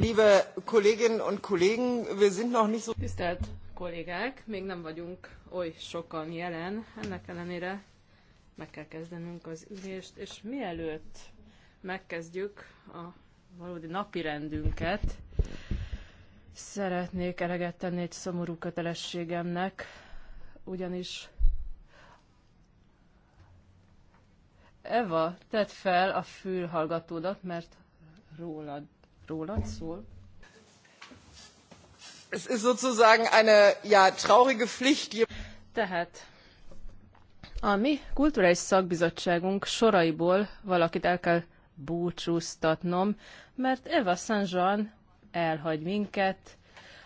liebe Kolleginnen und Kollegen, wir sind noch nicht so... Tisztelt kollégák, még nem vagyunk oly sokan jelen, ennek ellenére meg kell kezdenünk az ülést, és mielőtt megkezdjük a valódi napirendünket, szeretnék eleget tenni egy szomorú kötelességemnek, ugyanis Eva, tedd fel a fülhallgatódat, mert rólad rólad szól. Es ist sozusagen eine ja, traurige Pflicht. Tehát a mi kulturális szakbizottságunk soraiból valakit el kell búcsúztatnom, mert Eva Saint Jean elhagy minket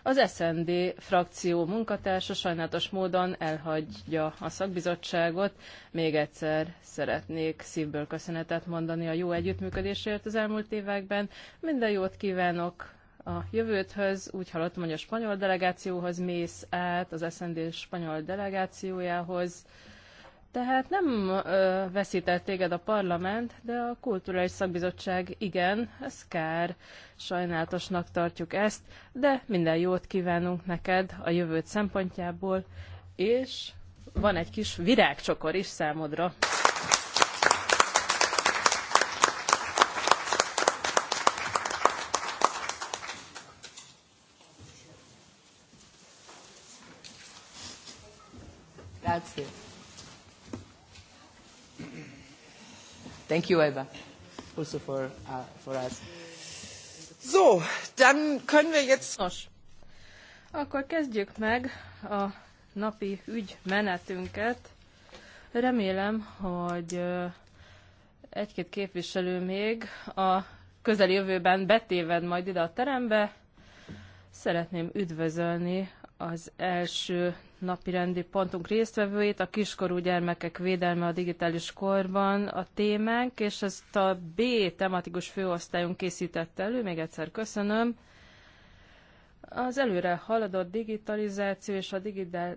az SND frakció munkatársa sajnálatos módon elhagyja a szakbizottságot. Még egyszer szeretnék szívből köszönetet mondani a jó együttműködésért az elmúlt években. Minden jót kívánok a jövőthöz. Úgy hallottam, hogy a spanyol delegációhoz mész át, az SND spanyol delegációjához. Tehát nem ö, veszített téged a parlament, de a kulturális szakbizottság igen, ez kár. Sajnálatosnak tartjuk ezt, de minden jót kívánunk neked a jövőt szempontjából, és van egy kis virágcsokor is számodra. Grazie. Thank you, Eva, also for, uh, for us. So, dann können wir jetzt... Nos, akkor kezdjük meg a napi ügymenetünket. Remélem, hogy egy-két képviselő még a közeljövőben betéved majd ide a terembe. Szeretném üdvözölni az első napi rendi pontunk résztvevőit a kiskorú gyermekek védelme a digitális korban a témánk, és ezt a B tematikus főosztályunk készítette elő, még egyszer köszönöm. Az előre haladott digitalizáció és a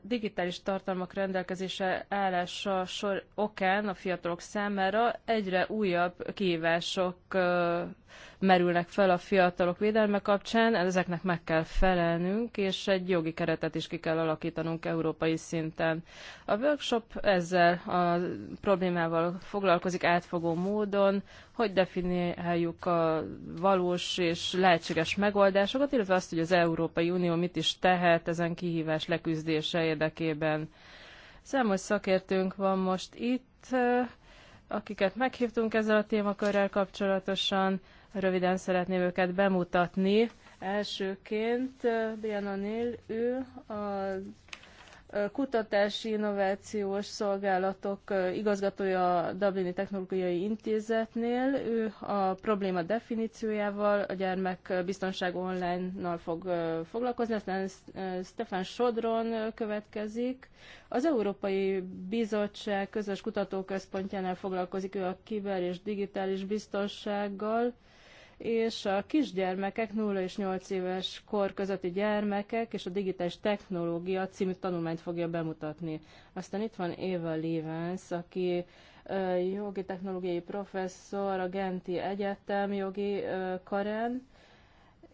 digitális tartalmak rendelkezése állása sor okán a fiatalok számára egyre újabb kihívások merülnek fel a fiatalok védelme kapcsán, ezeknek meg kell felelnünk, és egy jogi keretet is ki kell alakítanunk európai szinten. A workshop ezzel a problémával foglalkozik átfogó módon, hogy definiáljuk a valós és lehetséges megoldásokat, illetve azt, hogy az Európai Unió mit is tehet ezen kihívás leküzdése érdekében. Számos szakértőnk van most itt, eh, akiket meghívtunk ezzel a témakörrel kapcsolatosan. Röviden szeretném őket bemutatni. Elsőként eh, Diana O'Neill, ő a eh, kutatási innovációs szolgálatok eh, igazgatója a Dublini Technológiai Intézetnél. Ő a probléma definíciójával, a gyermek biztonság online-nal fog foglalkozni, aztán Stefan Sodron következik. Az Európai Bizottság közös kutatóközpontjánál foglalkozik ő a kiber és digitális biztonsággal és a kisgyermekek, 0 és 8 éves kor közötti gyermekek és a digitális technológia című tanulmányt fogja bemutatni. Aztán itt van Éva Lévensz, aki jogi technológiai professzor a Genti Egyetem jogi karán,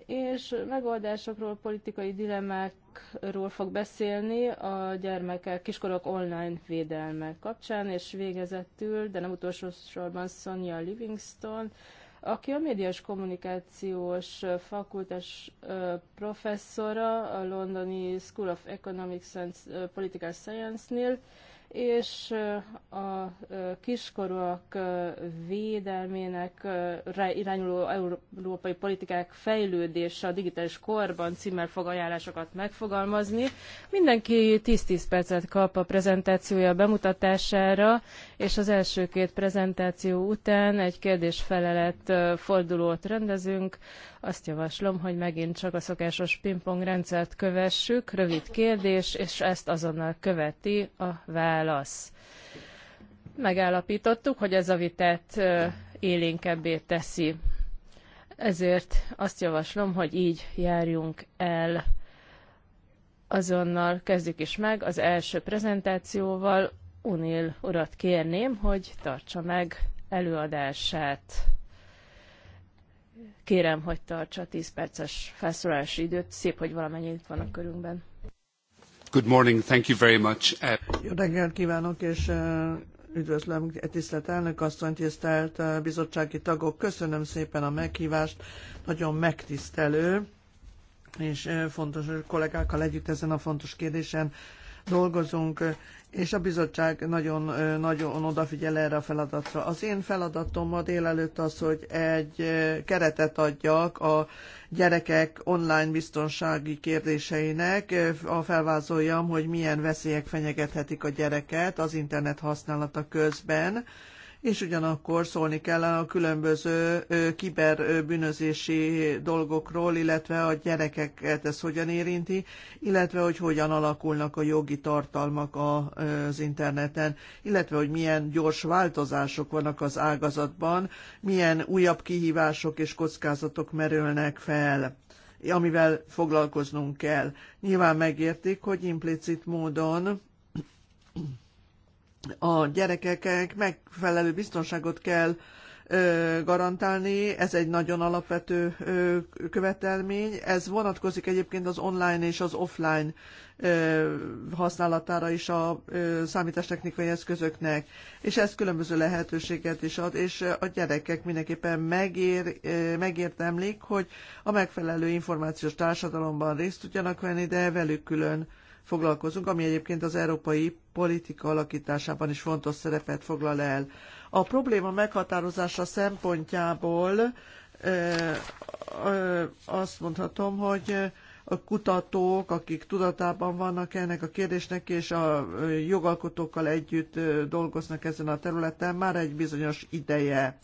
és megoldásokról, politikai dilemmákról fog beszélni a gyermekek, kiskorok online védelme kapcsán, és végezetül, de nem utolsó sorban Sonia Livingston, aki a médiás kommunikációs fakultás professzora a Londoni School of Economics and Political Science-nél, és a kiskorúak védelmének irányuló európai politikák fejlődése a digitális korban címmel fog ajánlásokat megfogalmazni. Mindenki 10-10 percet kap a prezentációja bemutatására, és az első két prezentáció után egy kérdés-felelet fordulót rendezünk, azt javaslom, hogy megint csak a szokásos pingpong rendszert kövessük, rövid kérdés, és ezt azonnal követi a válasz. Megállapítottuk, hogy ez a vitát élénkebbé teszi. Ezért azt javaslom, hogy így járjunk el. Azonnal kezdjük is meg az első prezentációval. Unil urat kérném, hogy tartsa meg előadását. Kérem, hogy tartsa 10 perces felszólalási időt. Szép, hogy valamennyit itt a körünkben. Good morning, thank you very much. Jó reggelt kívánok, és uh, üdvözlöm, e tisztelt elnök asszony, tisztelt uh, bizottsági tagok. Köszönöm szépen a meghívást, nagyon megtisztelő, és uh, fontos hogy kollégákkal együtt ezen a fontos kérdésen dolgozunk és a bizottság nagyon, nagyon odafigyel erre a feladatra. Az én feladatom ma délelőtt az, hogy egy keretet adjak a gyerekek online biztonsági kérdéseinek, a felvázoljam, hogy milyen veszélyek fenyegethetik a gyereket az internet használata közben, és ugyanakkor szólni kellene a különböző kiberbűnözési dolgokról, illetve a gyerekeket ez hogyan érinti, illetve hogy hogyan alakulnak a jogi tartalmak az interneten, illetve hogy milyen gyors változások vannak az ágazatban, milyen újabb kihívások és kockázatok merülnek fel amivel foglalkoznunk kell. Nyilván megértik, hogy implicit módon a gyerekeknek megfelelő biztonságot kell garantálni, ez egy nagyon alapvető követelmény. Ez vonatkozik egyébként az online és az offline használatára is a számítástechnikai eszközöknek, és ez különböző lehetőséget is ad, és a gyerekek mindenképpen megér, megértemlik, hogy a megfelelő információs társadalomban részt tudjanak venni, de velük külön foglalkozunk, ami egyébként az európai politika alakításában is fontos szerepet foglal el. A probléma meghatározása szempontjából azt mondhatom, hogy a kutatók, akik tudatában vannak ennek a kérdésnek, és a jogalkotókkal együtt dolgoznak ezen a területen már egy bizonyos ideje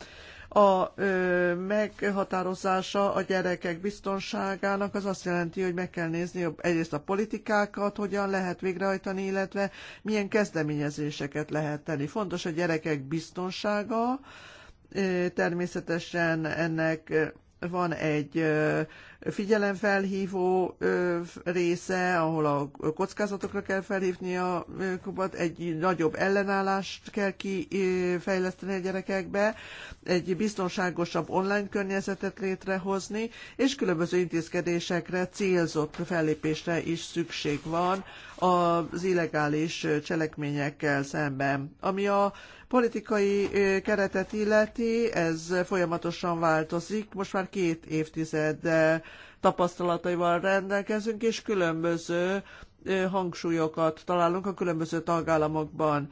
a ö, meghatározása a gyerekek biztonságának az azt jelenti, hogy meg kell nézni egyrészt a politikákat, hogyan lehet végrehajtani, illetve milyen kezdeményezéseket lehet tenni. Fontos a gyerekek biztonsága, természetesen ennek van egy figyelemfelhívó része, ahol a kockázatokra kell felhívni a kubat, egy nagyobb ellenállást kell kifejleszteni a gyerekekbe, egy biztonságosabb online környezetet létrehozni, és különböző intézkedésekre, célzott fellépésre is szükség van az illegális cselekményekkel szemben. Ami a politikai keretet illeti, ez folyamatosan változik. Most már két évtized tapasztalataival rendelkezünk, és különböző hangsúlyokat találunk a különböző tagállamokban.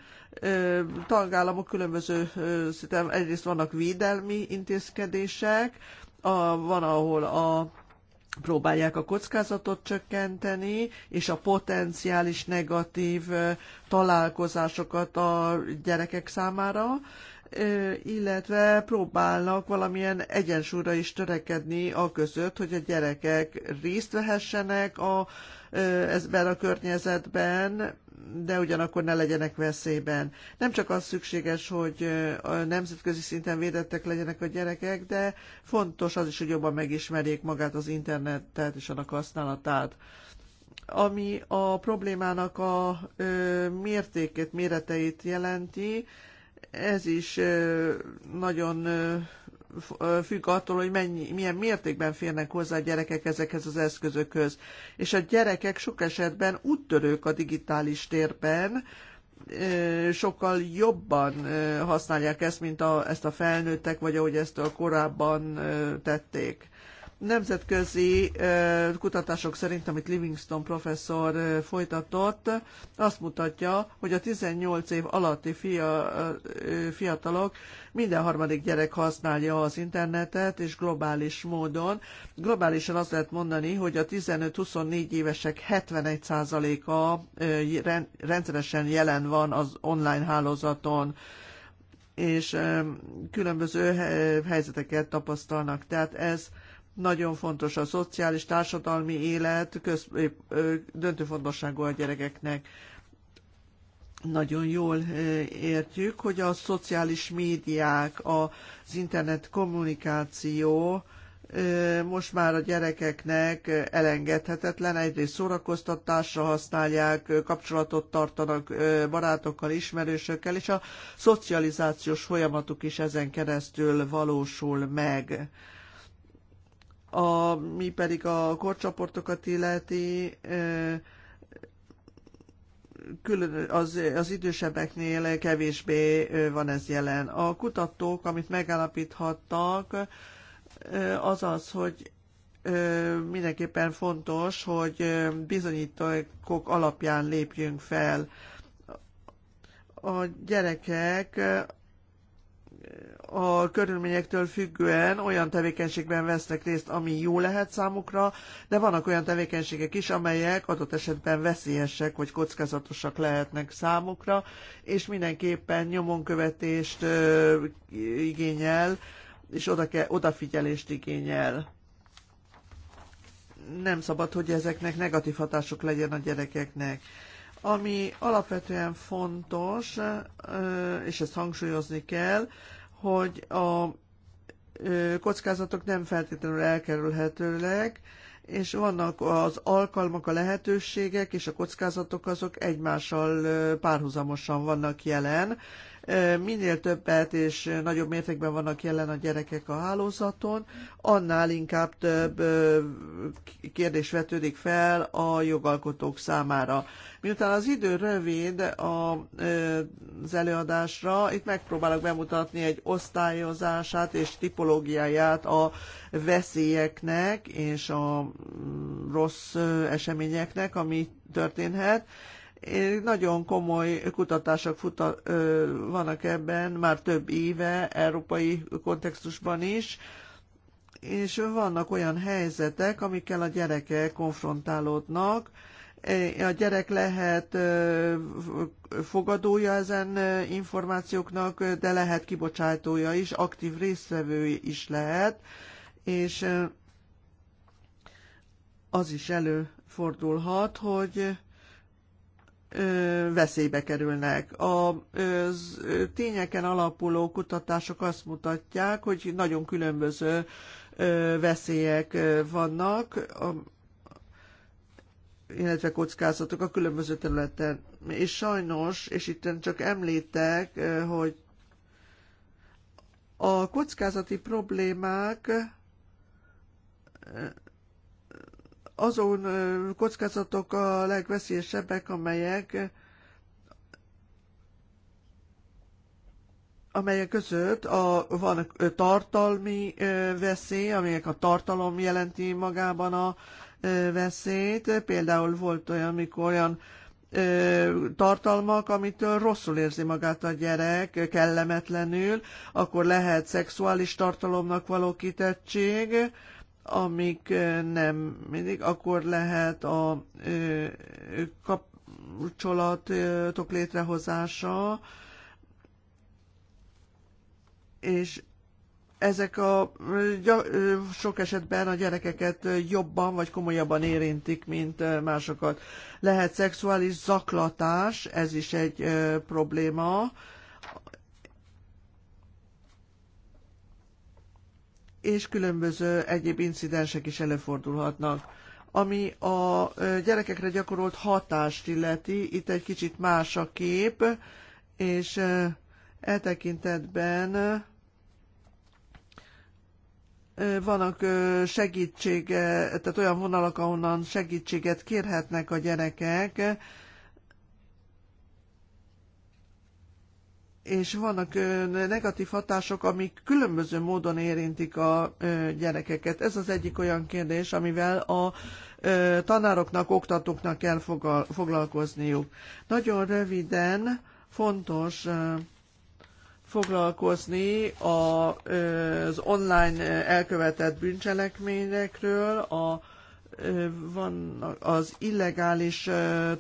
Tagállamok különböző, szinten egyrészt vannak védelmi intézkedések, a, van, ahol a próbálják a kockázatot csökkenteni, és a potenciális negatív találkozásokat a gyerekek számára, illetve próbálnak valamilyen egyensúlyra is törekedni a között, hogy a gyerekek részt vehessenek a ezben a környezetben, de ugyanakkor ne legyenek veszélyben. Nem csak az szükséges, hogy a nemzetközi szinten védettek legyenek a gyerekek, de fontos az is, hogy jobban megismerjék magát az internetet és annak használatát ami a problémának a mértékét, méreteit jelenti. Ez is nagyon függ attól, hogy mennyi, milyen mértékben férnek hozzá a gyerekek ezekhez az eszközökhöz. És a gyerekek sok esetben úttörők a digitális térben, sokkal jobban használják ezt, mint a, ezt a felnőttek, vagy ahogy ezt a korábban tették nemzetközi kutatások szerint, amit Livingston professzor folytatott, azt mutatja, hogy a 18 év alatti fia, fiatalok minden harmadik gyerek használja az internetet, és globális módon. Globálisan azt lehet mondani, hogy a 15-24 évesek 71%-a rendszeresen jelen van az online hálózaton és különböző helyzeteket tapasztalnak. Tehát ez nagyon fontos a szociális, társadalmi élet, köz, döntő fontosságú a gyerekeknek. Nagyon jól értjük, hogy a szociális médiák, az internet kommunikáció, most már a gyerekeknek elengedhetetlen, egyrészt szórakoztatásra használják, kapcsolatot tartanak barátokkal, ismerősökkel, és a szocializációs folyamatuk is ezen keresztül valósul meg. A, mi pedig a korcsoportokat illeti, külön az, az idősebbeknél kevésbé van ez jelen. A kutatók, amit megállapíthattak, az az, hogy mindenképpen fontos, hogy bizonyítókok alapján lépjünk fel. A gyerekek a körülményektől függően olyan tevékenységben vesznek részt, ami jó lehet számukra, de vannak olyan tevékenységek is, amelyek adott esetben veszélyesek vagy kockázatosak lehetnek számukra, és mindenképpen nyomonkövetést igényel, és oda kell, odafigyelést igényel. Nem szabad, hogy ezeknek negatív hatások legyen a gyerekeknek. Ami alapvetően fontos, és ezt hangsúlyozni kell, hogy a kockázatok nem feltétlenül elkerülhetőek, és vannak az alkalmak, a lehetőségek és a kockázatok azok egymással párhuzamosan vannak jelen, minél többet és nagyobb mértékben vannak jelen a gyerekek a hálózaton, annál inkább több kérdés vetődik fel a jogalkotók számára. Miután az idő rövid az előadásra, itt megpróbálok bemutatni egy osztályozását és tipológiáját a veszélyeknek és a mm, rossz eseményeknek, ami történhet, nagyon komoly kutatások futa, vannak ebben, már több éve, európai kontextusban is, és vannak olyan helyzetek, amikkel a gyerekek konfrontálódnak. E, a gyerek lehet fogadója ezen információknak, de lehet kibocsátója is, aktív résztvevő is lehet, és az is előfordulhat, hogy veszélybe kerülnek. A tényeken alapuló kutatások azt mutatják, hogy nagyon különböző veszélyek vannak, illetve kockázatok a különböző területen. És sajnos, és itt csak említek, hogy a kockázati problémák azon kockázatok a legveszélyesebbek, amelyek amelyek között a, van tartalmi veszély, amelyek a tartalom jelenti magában a veszélyt. Például volt olyan, amikor olyan tartalmak, amitől rosszul érzi magát a gyerek, kellemetlenül, akkor lehet szexuális tartalomnak való kitettség, amik nem mindig, akkor lehet a kapcsolatok létrehozása, és ezek a sok esetben a gyerekeket jobban vagy komolyabban érintik, mint másokat. Lehet szexuális zaklatás, ez is egy probléma, és különböző egyéb incidensek is előfordulhatnak. Ami a gyerekekre gyakorolt hatást illeti, itt egy kicsit más a kép, és e tekintetben vannak segítség, tehát olyan vonalak, ahonnan segítséget kérhetnek a gyerekek, és vannak negatív hatások, amik különböző módon érintik a gyerekeket. Ez az egyik olyan kérdés, amivel a tanároknak, oktatóknak kell foglalkozniuk. Nagyon röviden fontos foglalkozni az online elkövetett bűncselekményekről, a van az illegális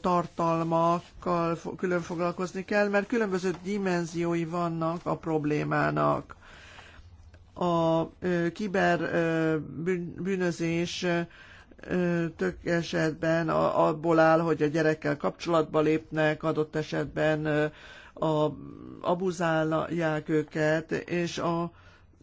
tartalmakkal külön foglalkozni kell, mert különböző dimenziói vannak a problémának. A bűnözés tök esetben abból áll, hogy a gyerekkel kapcsolatba lépnek, adott esetben a, abuzálják őket, és a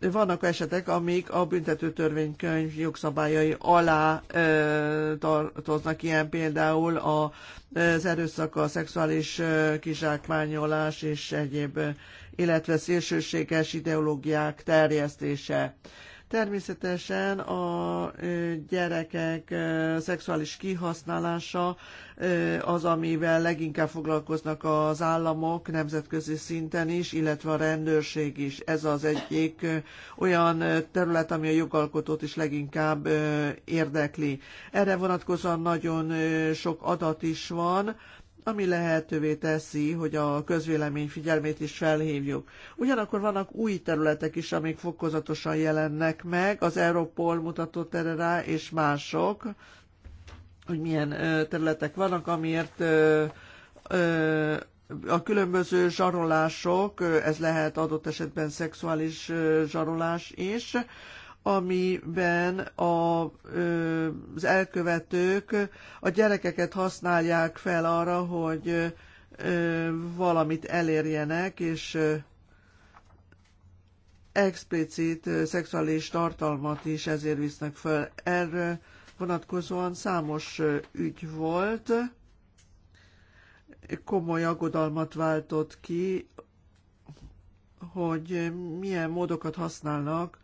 vannak esetek, amik a büntetőtörvénykönyv jogszabályai alá ö, tartoznak, ilyen például a, az erőszak, a szexuális ö, kizsákmányolás és egyéb, illetve szélsőséges ideológiák terjesztése. Ö, Természetesen a gyerekek szexuális kihasználása az, amivel leginkább foglalkoznak az államok nemzetközi szinten is, illetve a rendőrség is. Ez az egyik olyan terület, ami a jogalkotót is leginkább érdekli. Erre vonatkozóan nagyon sok adat is van, ami lehetővé teszi, hogy a közvélemény figyelmét is felhívjuk. Ugyanakkor vannak új területek is, amik fokozatosan jelennek meg, az Europol mutatott erre rá, és mások, hogy milyen területek vannak, amiért a különböző zsarolások, ez lehet adott esetben szexuális zsarolás is, amiben a, az elkövetők a gyerekeket használják fel arra, hogy valamit elérjenek, és explicit szexuális tartalmat is ezért visznek fel Erről vonatkozóan számos ügy volt, komoly aggodalmat váltott ki, hogy milyen módokat használnak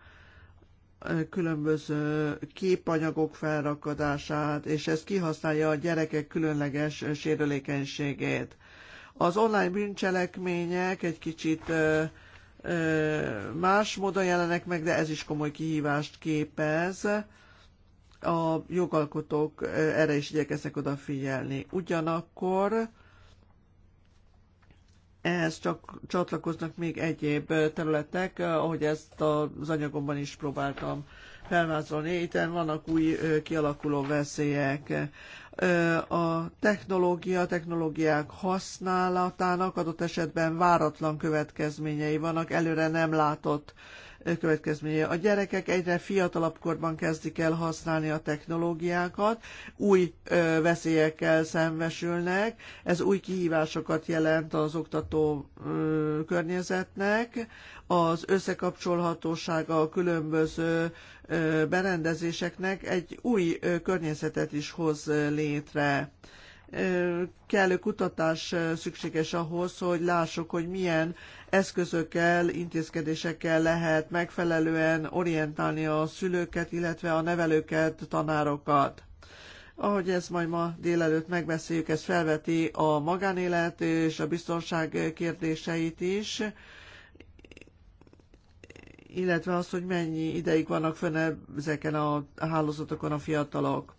különböző képanyagok felrakadását, és ez kihasználja a gyerekek különleges sérülékenységét. Az online bűncselekmények egy kicsit más módon jelenek meg, de ez is komoly kihívást képez. A jogalkotók erre is igyekeznek odafigyelni. Ugyanakkor ehhez csak csatlakoznak még egyéb területek, ahogy ezt az anyagomban is próbáltam felvázolni. Itt vannak új kialakuló veszélyek a technológia, technológiák használatának adott esetben váratlan következményei vannak, előre nem látott következményei. A gyerekek egyre fiatalabb korban kezdik el használni a technológiákat, új veszélyekkel szembesülnek, ez új kihívásokat jelent az oktató környezetnek, az összekapcsolhatósága a különböző berendezéseknek egy új környezetet is hoz létre létre. Kellő kutatás szükséges ahhoz, hogy lássuk, hogy milyen eszközökkel, intézkedésekkel lehet megfelelően orientálni a szülőket, illetve a nevelőket, tanárokat ahogy ez majd ma délelőtt megbeszéljük, ez felveti a magánélet és a biztonság kérdéseit is, illetve azt, hogy mennyi ideig vannak fönn ezeken a hálózatokon a fiatalok.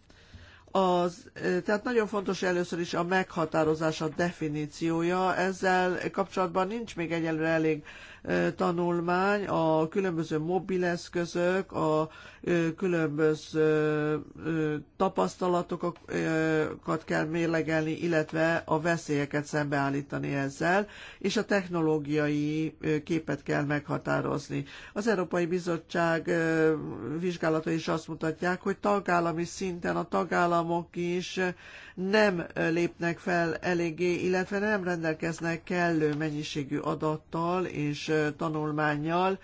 Az, tehát nagyon fontos először is a meghatározás, a definíciója. Ezzel kapcsolatban nincs még egyelőre elég tanulmány. A különböző mobileszközök, a különböző tapasztalatokat kell mérlegelni, illetve a veszélyeket szembeállítani ezzel, és a technológiai képet kell meghatározni. Az Európai Bizottság vizsgálata is azt mutatják, hogy tagállami szinten a tagállamok is nem lépnek fel eléggé, illetve nem rendelkeznek kellő mennyiségű adattal és tanulmányjal,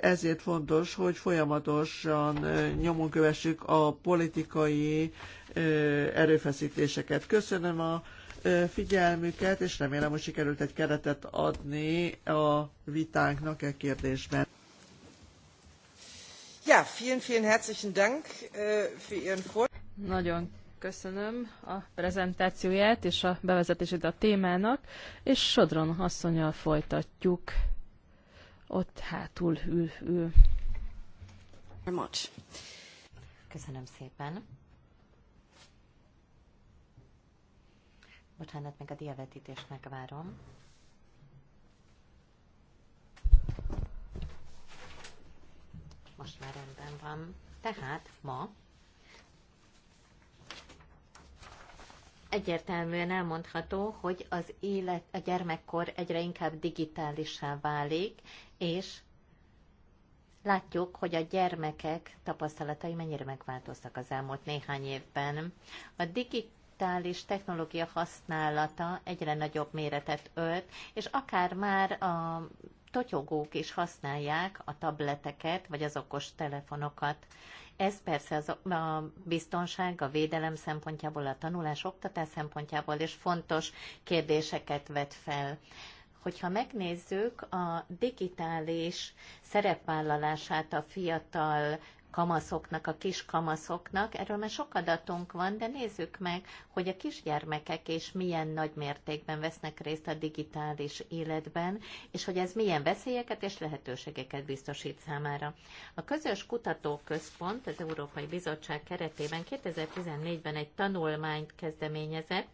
ezért fontos, hogy folyamatosan nyomon kövessük a politikai erőfeszítéseket. Köszönöm a figyelmüket, és remélem, hogy sikerült egy keretet adni a vitánknak e kérdésben. Ja, vielen, vielen herzlichen Dank äh, für Ihren Vor Nagyon köszönöm a prezentációját és a bevezetését a témának, és Sodron asszonyjal folytatjuk ott hátul ül. ül. Much. Köszönöm szépen. Bocsánat, meg a diavetítést megvárom. Most már rendben van. Tehát ma egyértelműen elmondható, hogy az élet, a gyermekkor egyre inkább digitálisá válik, és látjuk, hogy a gyermekek tapasztalatai mennyire megváltoztak az elmúlt néhány évben. A digitális technológia használata egyre nagyobb méretet ölt, és akár már a totyogók is használják a tableteket, vagy az okos telefonokat. Ez persze az, a biztonság, a védelem szempontjából, a tanulás, oktatás szempontjából is fontos kérdéseket vet fel hogyha megnézzük a digitális szerepvállalását a fiatal kamaszoknak, a kis kamaszoknak, erről már sok adatunk van, de nézzük meg, hogy a kisgyermekek és milyen nagy mértékben vesznek részt a digitális életben, és hogy ez milyen veszélyeket és lehetőségeket biztosít számára. A közös kutatóközpont az Európai Bizottság keretében 2014-ben egy tanulmányt kezdeményezett,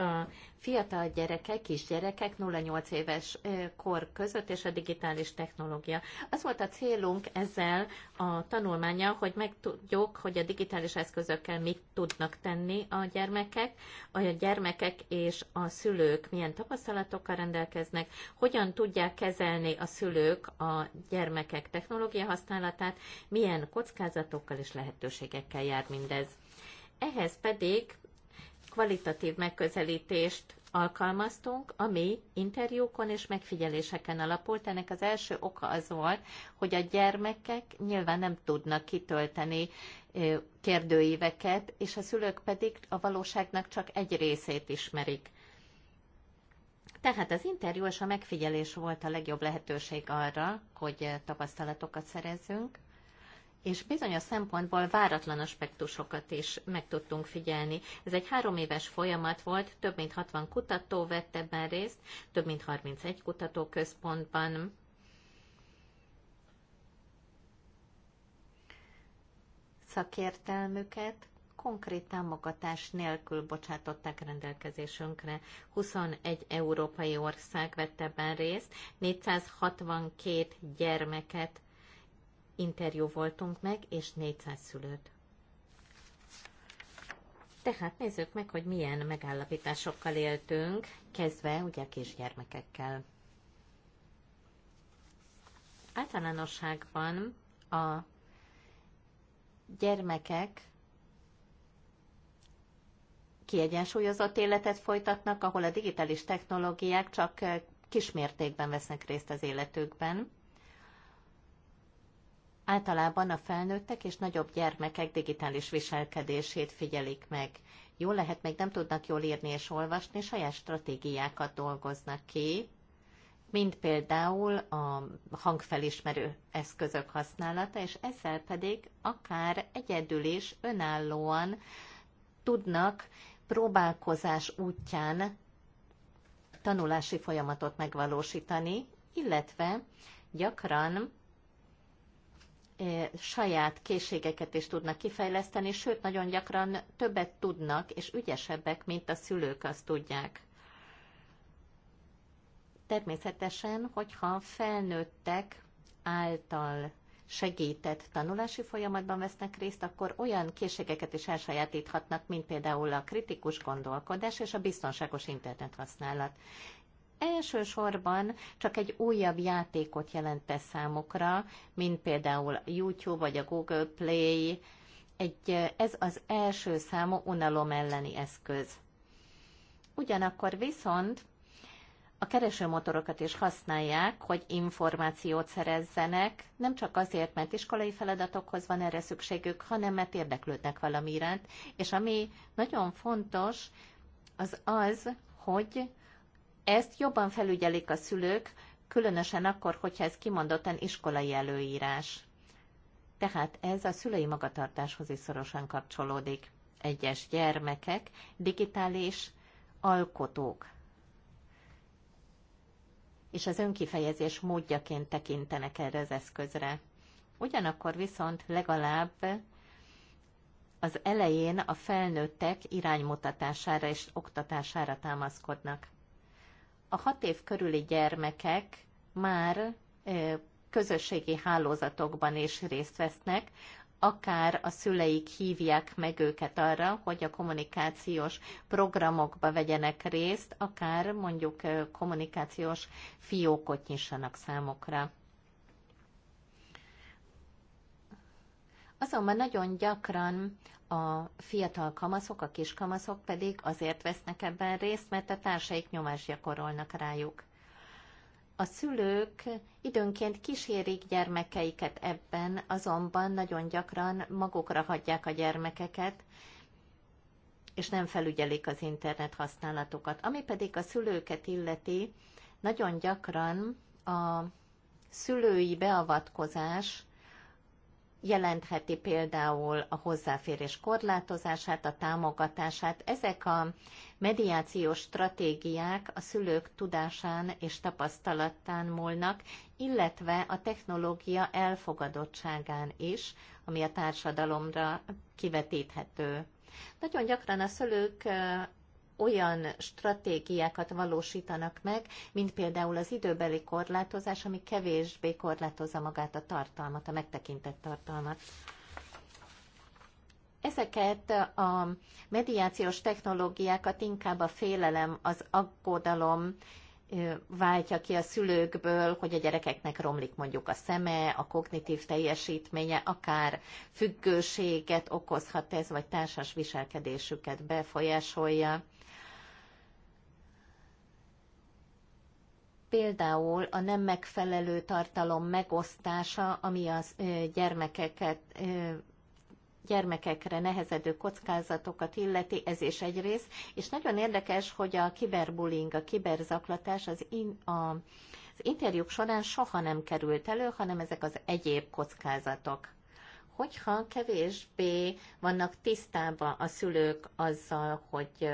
a fiatal gyerekek, kisgyerekek 0-8 éves kor között és a digitális technológia. Az volt a célunk ezzel a tanulmánya, hogy megtudjuk, hogy a digitális eszközökkel mit tudnak tenni a gyermekek, a gyermekek és a szülők milyen tapasztalatokkal rendelkeznek, hogyan tudják kezelni a szülők a gyermekek technológia használatát, milyen kockázatokkal és lehetőségekkel jár mindez. Ehhez pedig kvalitatív megközelítést alkalmaztunk, ami interjúkon és megfigyeléseken alapult. Ennek az első oka az volt, hogy a gyermekek nyilván nem tudnak kitölteni kérdőíveket, és a szülők pedig a valóságnak csak egy részét ismerik. Tehát az interjú és a megfigyelés volt a legjobb lehetőség arra, hogy tapasztalatokat szerezzünk és bizony a szempontból váratlan aspektusokat is meg tudtunk figyelni. Ez egy három éves folyamat volt, több mint 60 kutató vett ebben részt, több mint 31 kutatóközpontban. Szakértelmüket konkrét támogatás nélkül bocsátották rendelkezésünkre. 21 európai ország vette ebben részt, 462 gyermeket interjú voltunk meg, és 400 szülőt. Tehát nézzük meg, hogy milyen megállapításokkal éltünk, kezdve ugye a kisgyermekekkel. Általánosságban a gyermekek kiegyensúlyozott életet folytatnak, ahol a digitális technológiák csak eh, kismértékben vesznek részt az életükben általában a felnőttek és nagyobb gyermekek digitális viselkedését figyelik meg. Jó lehet, még nem tudnak jól írni és olvasni, saját stratégiákat dolgoznak ki, mint például a hangfelismerő eszközök használata, és ezzel pedig akár egyedül is önállóan tudnak próbálkozás útján tanulási folyamatot megvalósítani, illetve gyakran saját készségeket is tudnak kifejleszteni, sőt, nagyon gyakran többet tudnak, és ügyesebbek, mint a szülők azt tudják. Természetesen, hogyha felnőttek által segített tanulási folyamatban vesznek részt, akkor olyan készségeket is elsajátíthatnak, mint például a kritikus gondolkodás és a biztonságos internet használat elsősorban csak egy újabb játékot jelentett számukra, mint például a YouTube vagy a Google Play. Egy, ez az első számú unalom elleni eszköz. Ugyanakkor viszont a keresőmotorokat is használják, hogy információt szerezzenek, nem csak azért, mert iskolai feladatokhoz van erre szükségük, hanem mert érdeklődnek valami iránt. És ami nagyon fontos, az az, hogy ezt jobban felügyelik a szülők, különösen akkor, hogyha ez kimondottan iskolai előírás. Tehát ez a szülei magatartáshoz is szorosan kapcsolódik. Egyes gyermekek digitális alkotók, és az önkifejezés módjaként tekintenek erre az eszközre. Ugyanakkor viszont legalább az elején a felnőttek iránymutatására és oktatására támaszkodnak a hat év körüli gyermekek már közösségi hálózatokban is részt vesznek, akár a szüleik hívják meg őket arra, hogy a kommunikációs programokba vegyenek részt, akár mondjuk kommunikációs fiókot nyissanak számokra. Azonban nagyon gyakran a fiatal kamaszok, a kiskamaszok pedig azért vesznek ebben részt, mert a társaik nyomást gyakorolnak rájuk. A szülők időnként kísérik gyermekeiket ebben, azonban nagyon gyakran magukra hagyják a gyermekeket, és nem felügyelik az internet használatukat. Ami pedig a szülőket illeti, nagyon gyakran a szülői beavatkozás jelentheti például a hozzáférés korlátozását, a támogatását. Ezek a mediációs stratégiák a szülők tudásán és tapasztalatán múlnak, illetve a technológia elfogadottságán is, ami a társadalomra kivetíthető. Nagyon gyakran a szülők olyan stratégiákat valósítanak meg, mint például az időbeli korlátozás, ami kevésbé korlátozza magát a tartalmat, a megtekintett tartalmat. Ezeket a mediációs technológiákat inkább a félelem, az aggodalom váltja ki a szülőkből, hogy a gyerekeknek romlik mondjuk a szeme, a kognitív teljesítménye, akár függőséget okozhat ez, vagy társas viselkedésüket befolyásolja. például a nem megfelelő tartalom megosztása, ami az gyermekeket gyermekekre nehezedő kockázatokat illeti, ez is egyrészt, és nagyon érdekes, hogy a kiberbullying, a kiberzaklatás az, in, a, az interjúk során soha nem került elő, hanem ezek az egyéb kockázatok hogyha kevésbé vannak tisztában a szülők azzal, hogy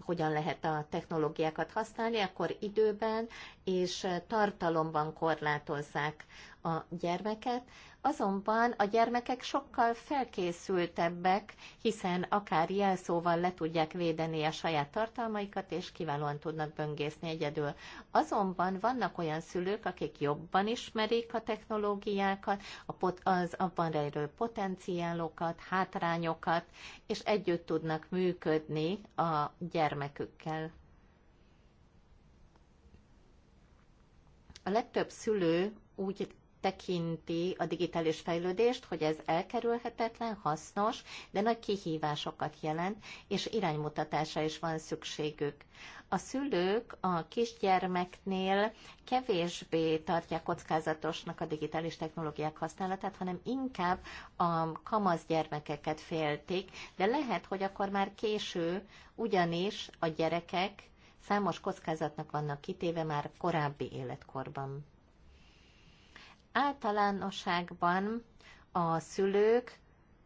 hogyan lehet a technológiákat használni, akkor időben és tartalomban korlátozzák a gyermeket, azonban a gyermekek sokkal felkészültebbek, hiszen akár jelszóval le tudják védeni a saját tartalmaikat, és kiválóan tudnak böngészni egyedül. Azonban vannak olyan szülők, akik jobban ismerik a technológiákat, a pot, az abban rejlő potenciálokat, hátrányokat, és együtt tudnak működni a gyermekükkel. A legtöbb szülő úgy tekinti a digitális fejlődést, hogy ez elkerülhetetlen, hasznos, de nagy kihívásokat jelent, és iránymutatása is van szükségük. A szülők a kisgyermeknél kevésbé tartják kockázatosnak a digitális technológiák használatát, hanem inkább a kamasz gyermekeket féltik, de lehet, hogy akkor már késő, ugyanis a gyerekek számos kockázatnak vannak kitéve már korábbi életkorban. Általánosságban a szülők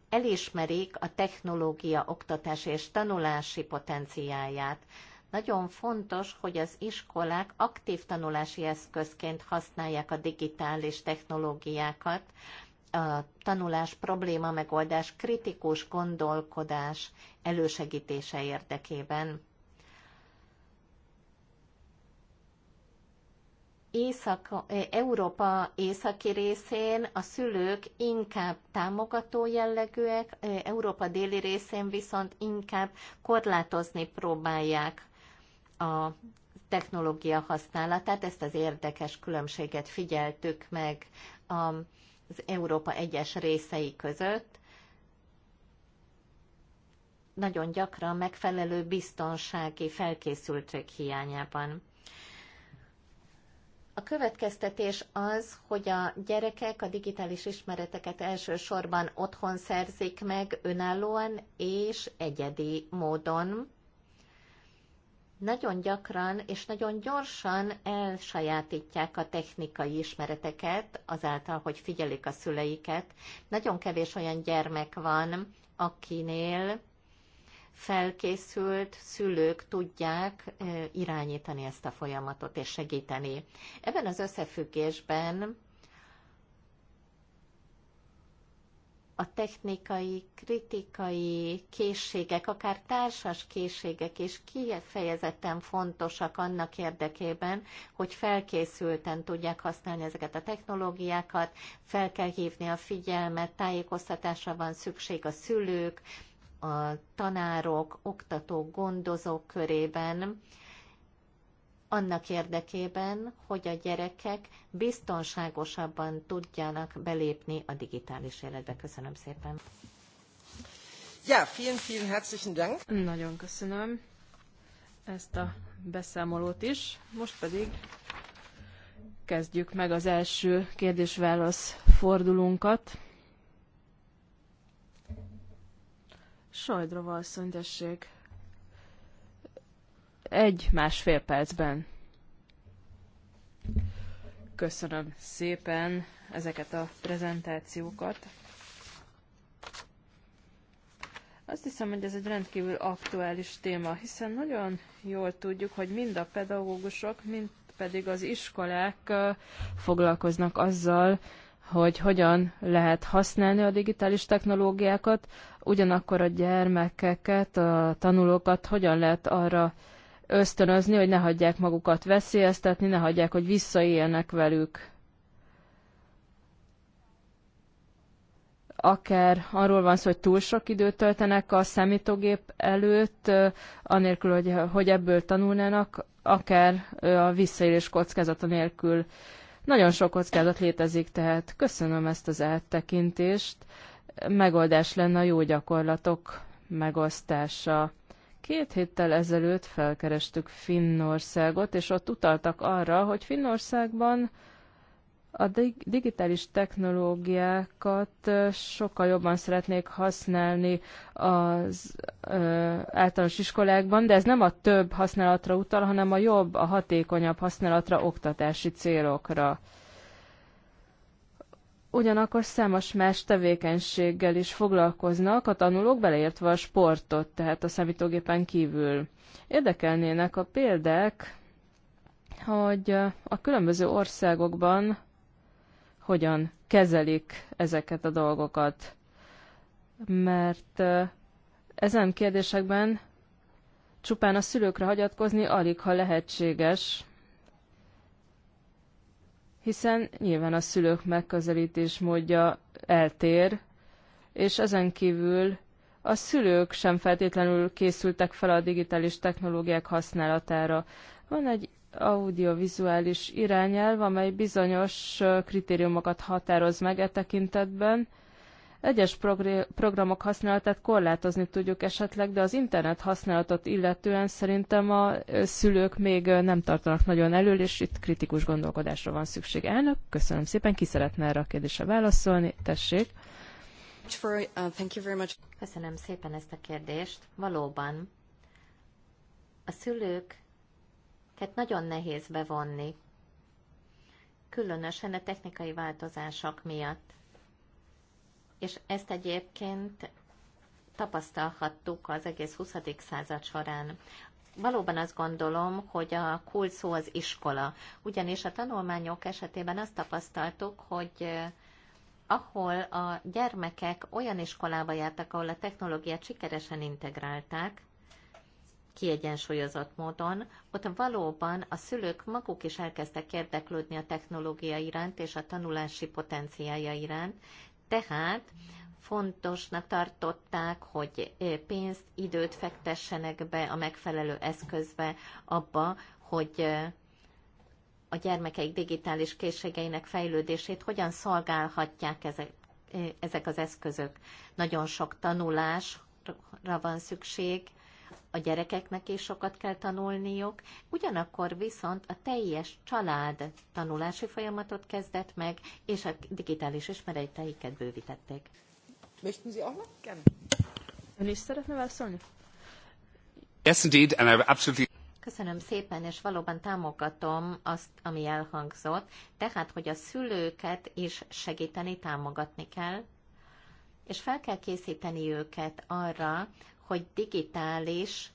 elismerik a technológia oktatás és tanulási potenciáját. Nagyon fontos, hogy az iskolák aktív tanulási eszközként használják a digitális technológiákat, a tanulás probléma megoldás kritikus gondolkodás elősegítése érdekében. észak, Európa északi részén a szülők inkább támogató jellegűek, Európa déli részén viszont inkább korlátozni próbálják a technológia használatát. Ezt az érdekes különbséget figyeltük meg az Európa egyes részei között nagyon gyakran megfelelő biztonsági felkészültség hiányában. A következtetés az, hogy a gyerekek a digitális ismereteket elsősorban otthon szerzik meg önállóan és egyedi módon. Nagyon gyakran és nagyon gyorsan elsajátítják a technikai ismereteket azáltal, hogy figyelik a szüleiket. Nagyon kevés olyan gyermek van, akinél felkészült szülők tudják irányítani ezt a folyamatot és segíteni. Ebben az összefüggésben a technikai, kritikai készségek, akár társas készségek is kifejezetten fontosak annak érdekében, hogy felkészülten tudják használni ezeket a technológiákat, fel kell hívni a figyelmet, tájékoztatásra van szükség a szülők, a tanárok, oktatók, gondozók körében, annak érdekében, hogy a gyerekek biztonságosabban tudjanak belépni a digitális életbe. Köszönöm szépen. Ja, vielen, vielen herzlichen Dank. Nagyon köszönöm ezt a beszámolót is. Most pedig kezdjük meg az első kérdés-válasz fordulunkat. Sajdrova asszony, tessék. Egy másfél percben. Köszönöm szépen ezeket a prezentációkat. Azt hiszem, hogy ez egy rendkívül aktuális téma, hiszen nagyon jól tudjuk, hogy mind a pedagógusok, mind pedig az iskolák foglalkoznak azzal, hogy hogyan lehet használni a digitális technológiákat, ugyanakkor a gyermekeket, a tanulókat hogyan lehet arra ösztönözni, hogy ne hagyják magukat veszélyeztetni, ne hagyják, hogy visszaéljenek velük. Akár arról van szó, hogy túl sok időt töltenek a számítógép előtt, anélkül, hogy, hogy ebből tanulnának, akár a visszaélés kockázata nélkül nagyon sok kockázat létezik, tehát köszönöm ezt az áttekintést. Megoldás lenne a jó gyakorlatok megosztása. Két héttel ezelőtt felkerestük Finnországot, és ott utaltak arra, hogy Finnországban a digitális technológiákat sokkal jobban szeretnék használni az általános iskolákban, de ez nem a több használatra utal, hanem a jobb, a hatékonyabb használatra oktatási célokra ugyanakkor számos más tevékenységgel is foglalkoznak a tanulók, beleértve a sportot, tehát a számítógépen kívül. Érdekelnének a példák, hogy a különböző országokban hogyan kezelik ezeket a dolgokat. Mert ezen kérdésekben csupán a szülőkre hagyatkozni alig, ha lehetséges, hiszen nyilván a szülők megközelítés módja eltér, és ezen kívül a szülők sem feltétlenül készültek fel a digitális technológiák használatára. Van egy audiovizuális irányelv, amely bizonyos kritériumokat határoz meg e tekintetben. Egyes programok használatát korlátozni tudjuk esetleg, de az internet használatot illetően szerintem a szülők még nem tartanak nagyon elől, és itt kritikus gondolkodásra van szükség. Elnök, köszönöm szépen, ki szeretne erre a kérdésre válaszolni? Tessék! Uh, köszönöm szépen ezt a kérdést. Valóban a szülők tehát nagyon nehéz bevonni, különösen a technikai változások miatt. És ezt egyébként tapasztalhattuk az egész 20. század során. Valóban azt gondolom, hogy a kult szó az iskola, ugyanis a tanulmányok esetében azt tapasztaltuk, hogy eh, ahol a gyermekek olyan iskolába jártak, ahol a technológiát sikeresen integrálták, kiegyensúlyozott módon, ott valóban a szülők maguk is elkezdtek érdeklődni a technológia iránt és a tanulási potenciája iránt, tehát fontosnak tartották, hogy eh, pénzt, időt fektessenek be a megfelelő eszközbe abba, hogy eh, a gyermekeik digitális készségeinek fejlődését hogyan szolgálhatják ezek, eh, ezek az eszközök. Nagyon sok tanulásra van szükség, a gyerekeknek is sokat kell tanulniuk, ugyanakkor viszont a teljes család tanulási folyamatot kezdett meg, és a digitális ismereteiket bővítették. Möchten Sie auch noch? Gerne. Ön is szeretne válaszolni? Yes, indeed, and I absolutely... Köszönöm szépen, és valóban támogatom azt, ami elhangzott, tehát, hogy a szülőket is segíteni, támogatni kell, és fel kell készíteni őket arra, hogy digitális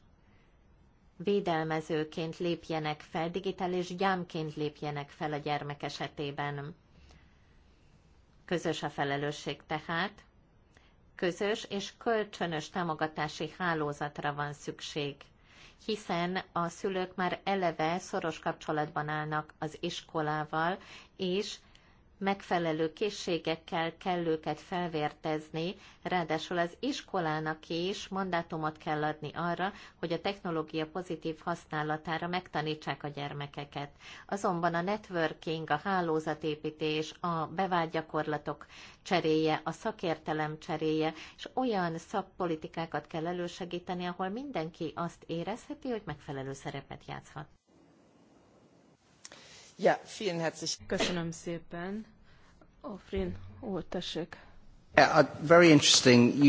védelmezőként lépjenek fel, digitális gyámként lépjenek fel a gyermek esetében. Közös a felelősség tehát, közös és kölcsönös támogatási hálózatra van szükség, hiszen a szülők már eleve szoros kapcsolatban állnak az iskolával, és megfelelő készségekkel kell őket felvértezni, ráadásul az iskolának is mandátumot kell adni arra, hogy a technológia pozitív használatára megtanítsák a gyermekeket. Azonban a networking, a hálózatépítés, a bevált gyakorlatok cseréje, a szakértelem cseréje, és olyan szakpolitikákat kell elősegíteni, ahol mindenki azt érezheti, hogy megfelelő szerepet játszhat. Ja, Köszönöm szépen. very interesting.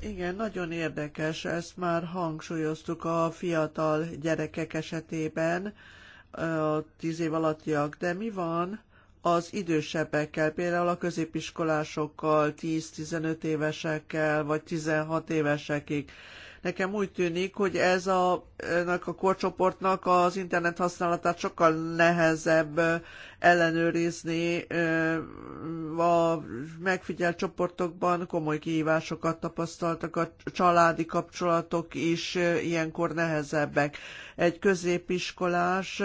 Igen, nagyon érdekes, ezt már hangsúlyoztuk a fiatal gyerekek esetében, a tíz év alattiak, de mi van az idősebbekkel, például a középiskolásokkal, 10-15 évesekkel, vagy 16 évesekig? Nekem úgy tűnik, hogy ez a, ennek a korcsoportnak az internet használatát sokkal nehezebb ellenőrizni. A megfigyelt csoportokban komoly kihívásokat tapasztaltak, a családi kapcsolatok is ilyenkor nehezebbek. Egy középiskolás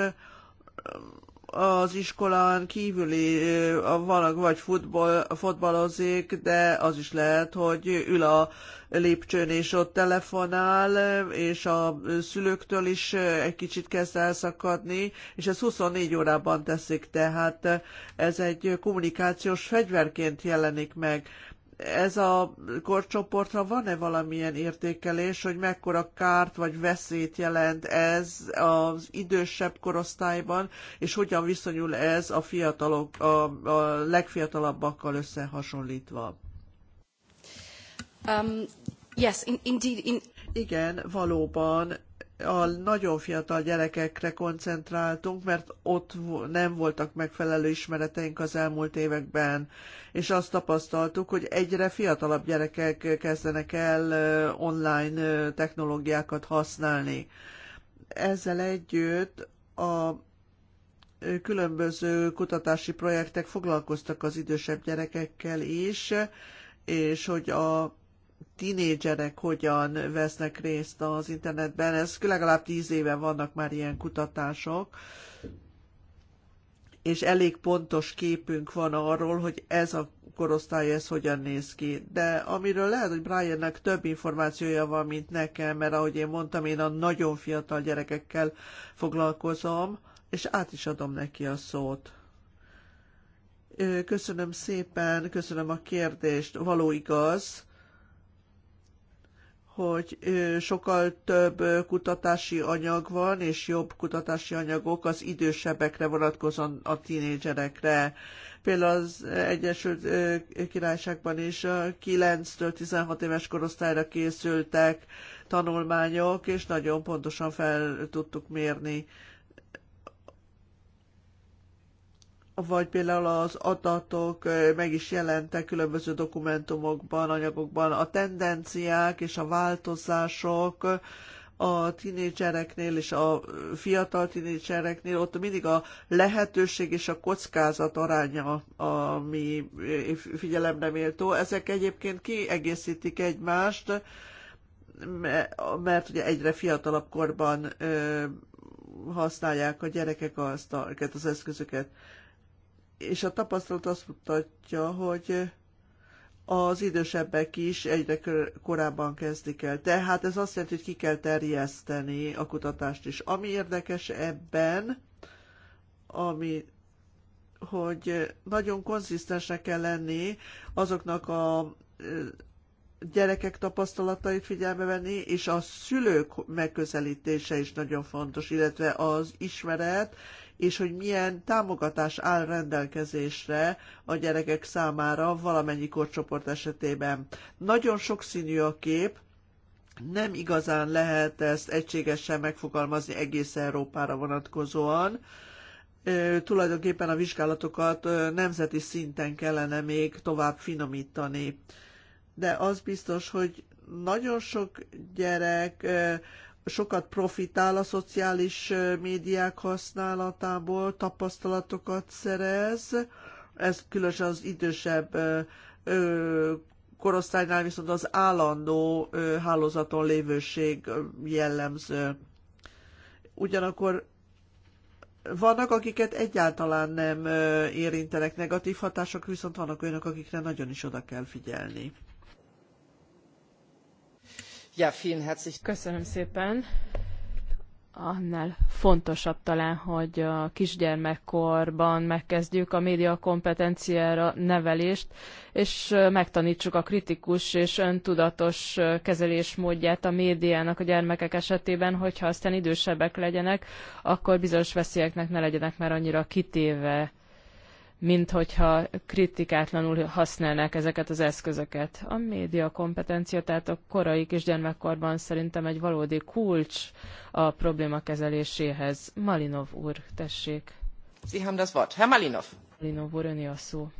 az iskolán kívüli vannak vagy futball, futballozik, de az is lehet, hogy ül a lépcsőn és ott telefonál, és a szülőktől is egy kicsit kezd elszakadni, és ez 24 órában teszik, tehát ez egy kommunikációs fegyverként jelenik meg ez a korcsoportra van-e valamilyen értékelés, hogy mekkora kárt vagy veszélyt jelent ez az idősebb korosztályban, és hogyan viszonyul ez a fiatalok, a, a legfiatalabbakkal összehasonlítva? Um, yes, in, indeed, in... Igen, valóban a nagyon fiatal gyerekekre koncentráltunk, mert ott nem voltak megfelelő ismereteink az elmúlt években, és azt tapasztaltuk, hogy egyre fiatalabb gyerekek kezdenek el online technológiákat használni. Ezzel együtt a különböző kutatási projektek foglalkoztak az idősebb gyerekekkel is, és hogy a tinédzserek hogyan vesznek részt az internetben. Ez legalább tíz éve vannak már ilyen kutatások, és elég pontos képünk van arról, hogy ez a korosztály ez hogyan néz ki. De amiről lehet, hogy Briannek több információja van, mint nekem, mert ahogy én mondtam, én a nagyon fiatal gyerekekkel foglalkozom, és át is adom neki a szót. Köszönöm szépen, köszönöm a kérdést. Való igaz, hogy sokkal több kutatási anyag van, és jobb kutatási anyagok az idősebbekre vonatkozóan a tínédzserekre. Például az Egyesült Királyságban is 9-től 16 éves korosztályra készültek tanulmányok, és nagyon pontosan fel tudtuk mérni vagy például az adatok meg is jelentek különböző dokumentumokban, anyagokban. A tendenciák és a változások a tinédzsereknél és a fiatal tinédzsereknél ott mindig a lehetőség és a kockázat aránya, ami figyelemre méltó. Ezek egyébként kiegészítik egymást, mert ugye egyre fiatalabb korban használják a gyerekek azt a, az eszközöket és a tapasztalat azt mutatja, hogy az idősebbek is egyre korábban kezdik el. Tehát ez azt jelenti, hogy ki kell terjeszteni a kutatást is. Ami érdekes ebben, ami hogy nagyon konzisztensnek kell lenni azoknak a gyerekek tapasztalatait figyelme venni, és a szülők megközelítése is nagyon fontos, illetve az ismeret és hogy milyen támogatás áll rendelkezésre a gyerekek számára valamennyi korcsoport esetében. Nagyon sokszínű a kép, nem igazán lehet ezt egységesen megfogalmazni egész Európára vonatkozóan. Tulajdonképpen a vizsgálatokat nemzeti szinten kellene még tovább finomítani. De az biztos, hogy nagyon sok gyerek sokat profitál a szociális médiák használatából, tapasztalatokat szerez, ez különösen az idősebb korosztálynál viszont az állandó hálózaton lévőség jellemző. Ugyanakkor vannak, akiket egyáltalán nem érintenek negatív hatások, viszont vannak olyanok, akikre nagyon is oda kell figyelni. Köszönöm szépen. Annál fontosabb talán, hogy a kisgyermekkorban megkezdjük a média kompetenciára nevelést, és megtanítsuk a kritikus és öntudatos kezelésmódját a médiának a gyermekek esetében, hogyha aztán idősebbek legyenek, akkor bizonyos veszélyeknek ne legyenek már annyira kitéve mint hogyha kritikátlanul használnák ezeket az eszközöket. A média kompetencia, tehát a korai kisgyermekkorban szerintem egy valódi kulcs a probléma kezeléséhez. Malinov úr, tessék. Sie haben das Wort. Herr Malinov. Malinov úr, öné a szó.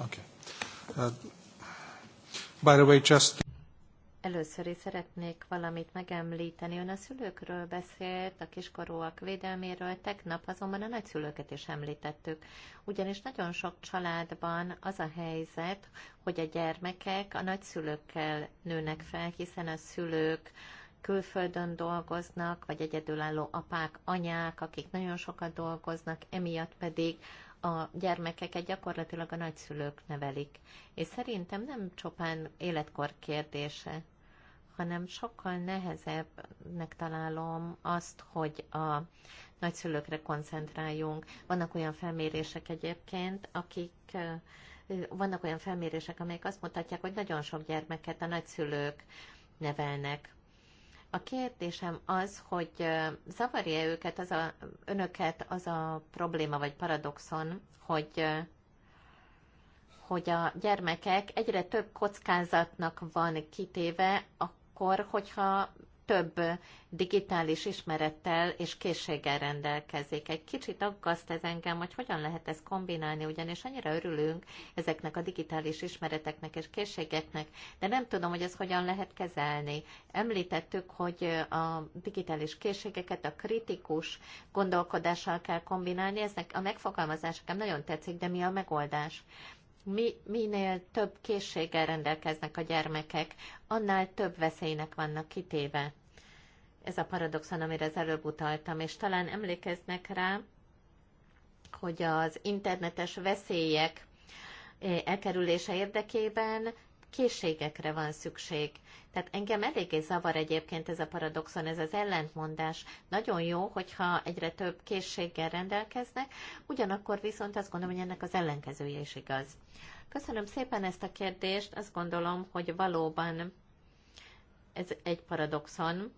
Okay. Uh, by the way, just... Először is szeretnék valamit megemlíteni. Ön a szülőkről beszélt, a kiskorúak védelméről, tegnap azonban a nagyszülőket is említettük. Ugyanis nagyon sok családban az a helyzet, hogy a gyermekek a nagyszülőkkel nőnek fel, hiszen a szülők külföldön dolgoznak, vagy egyedülálló apák, anyák, akik nagyon sokat dolgoznak, emiatt pedig a gyermekeket gyakorlatilag a nagyszülők nevelik. És szerintem nem csupán életkor kérdése hanem sokkal nehezebbnek találom azt, hogy a nagyszülőkre koncentráljunk. Vannak olyan felmérések egyébként, akik vannak olyan felmérések, amelyek azt mutatják, hogy nagyon sok gyermeket a nagyszülők nevelnek. A kérdésem az, hogy zavarja őket az a, önöket az a probléma vagy paradoxon, hogy hogy a gyermekek egyre több kockázatnak van kitéve, a akkor, hogyha több digitális ismerettel és készséggel rendelkezik. Egy kicsit aggaszt ez engem, hogy hogyan lehet ezt kombinálni, ugyanis annyira örülünk ezeknek a digitális ismereteknek és készségeknek, de nem tudom, hogy ezt hogyan lehet kezelni. Említettük, hogy a digitális készségeket a kritikus gondolkodással kell kombinálni, eznek a megfogalmazás nekem nagyon tetszik, de mi a megoldás? mi, minél több készséggel rendelkeznek a gyermekek, annál több veszélynek vannak kitéve. Ez a paradoxon, amire az előbb utaltam, és talán emlékeznek rá, hogy az internetes veszélyek eh, elkerülése érdekében készségekre van szükség. Tehát engem eléggé zavar egyébként ez a paradoxon, ez az ellentmondás. Nagyon jó, hogyha egyre több készséggel rendelkeznek, ugyanakkor viszont azt gondolom, hogy ennek az ellenkezője is igaz. Köszönöm szépen ezt a kérdést, azt gondolom, hogy valóban ez egy paradoxon,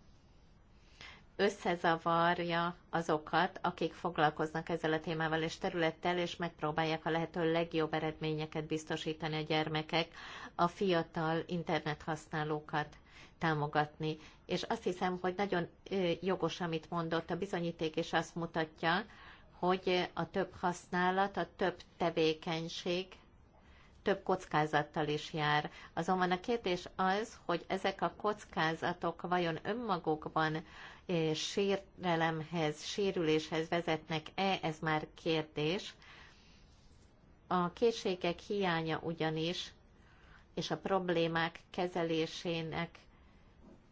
összezavarja azokat, akik foglalkoznak ezzel a témával és területtel, és megpróbálják a lehető legjobb eredményeket biztosítani a gyermekek, a fiatal internethasználókat támogatni. És azt hiszem, hogy nagyon jogos, amit mondott, a bizonyíték és azt mutatja, hogy a több használat, a több tevékenység több kockázattal is jár. Azonban a kérdés az, hogy ezek a kockázatok vajon önmagukban sérelemhez, sérüléshez vezetnek-e, ez már kérdés. A készségek hiánya ugyanis, és a problémák kezelésének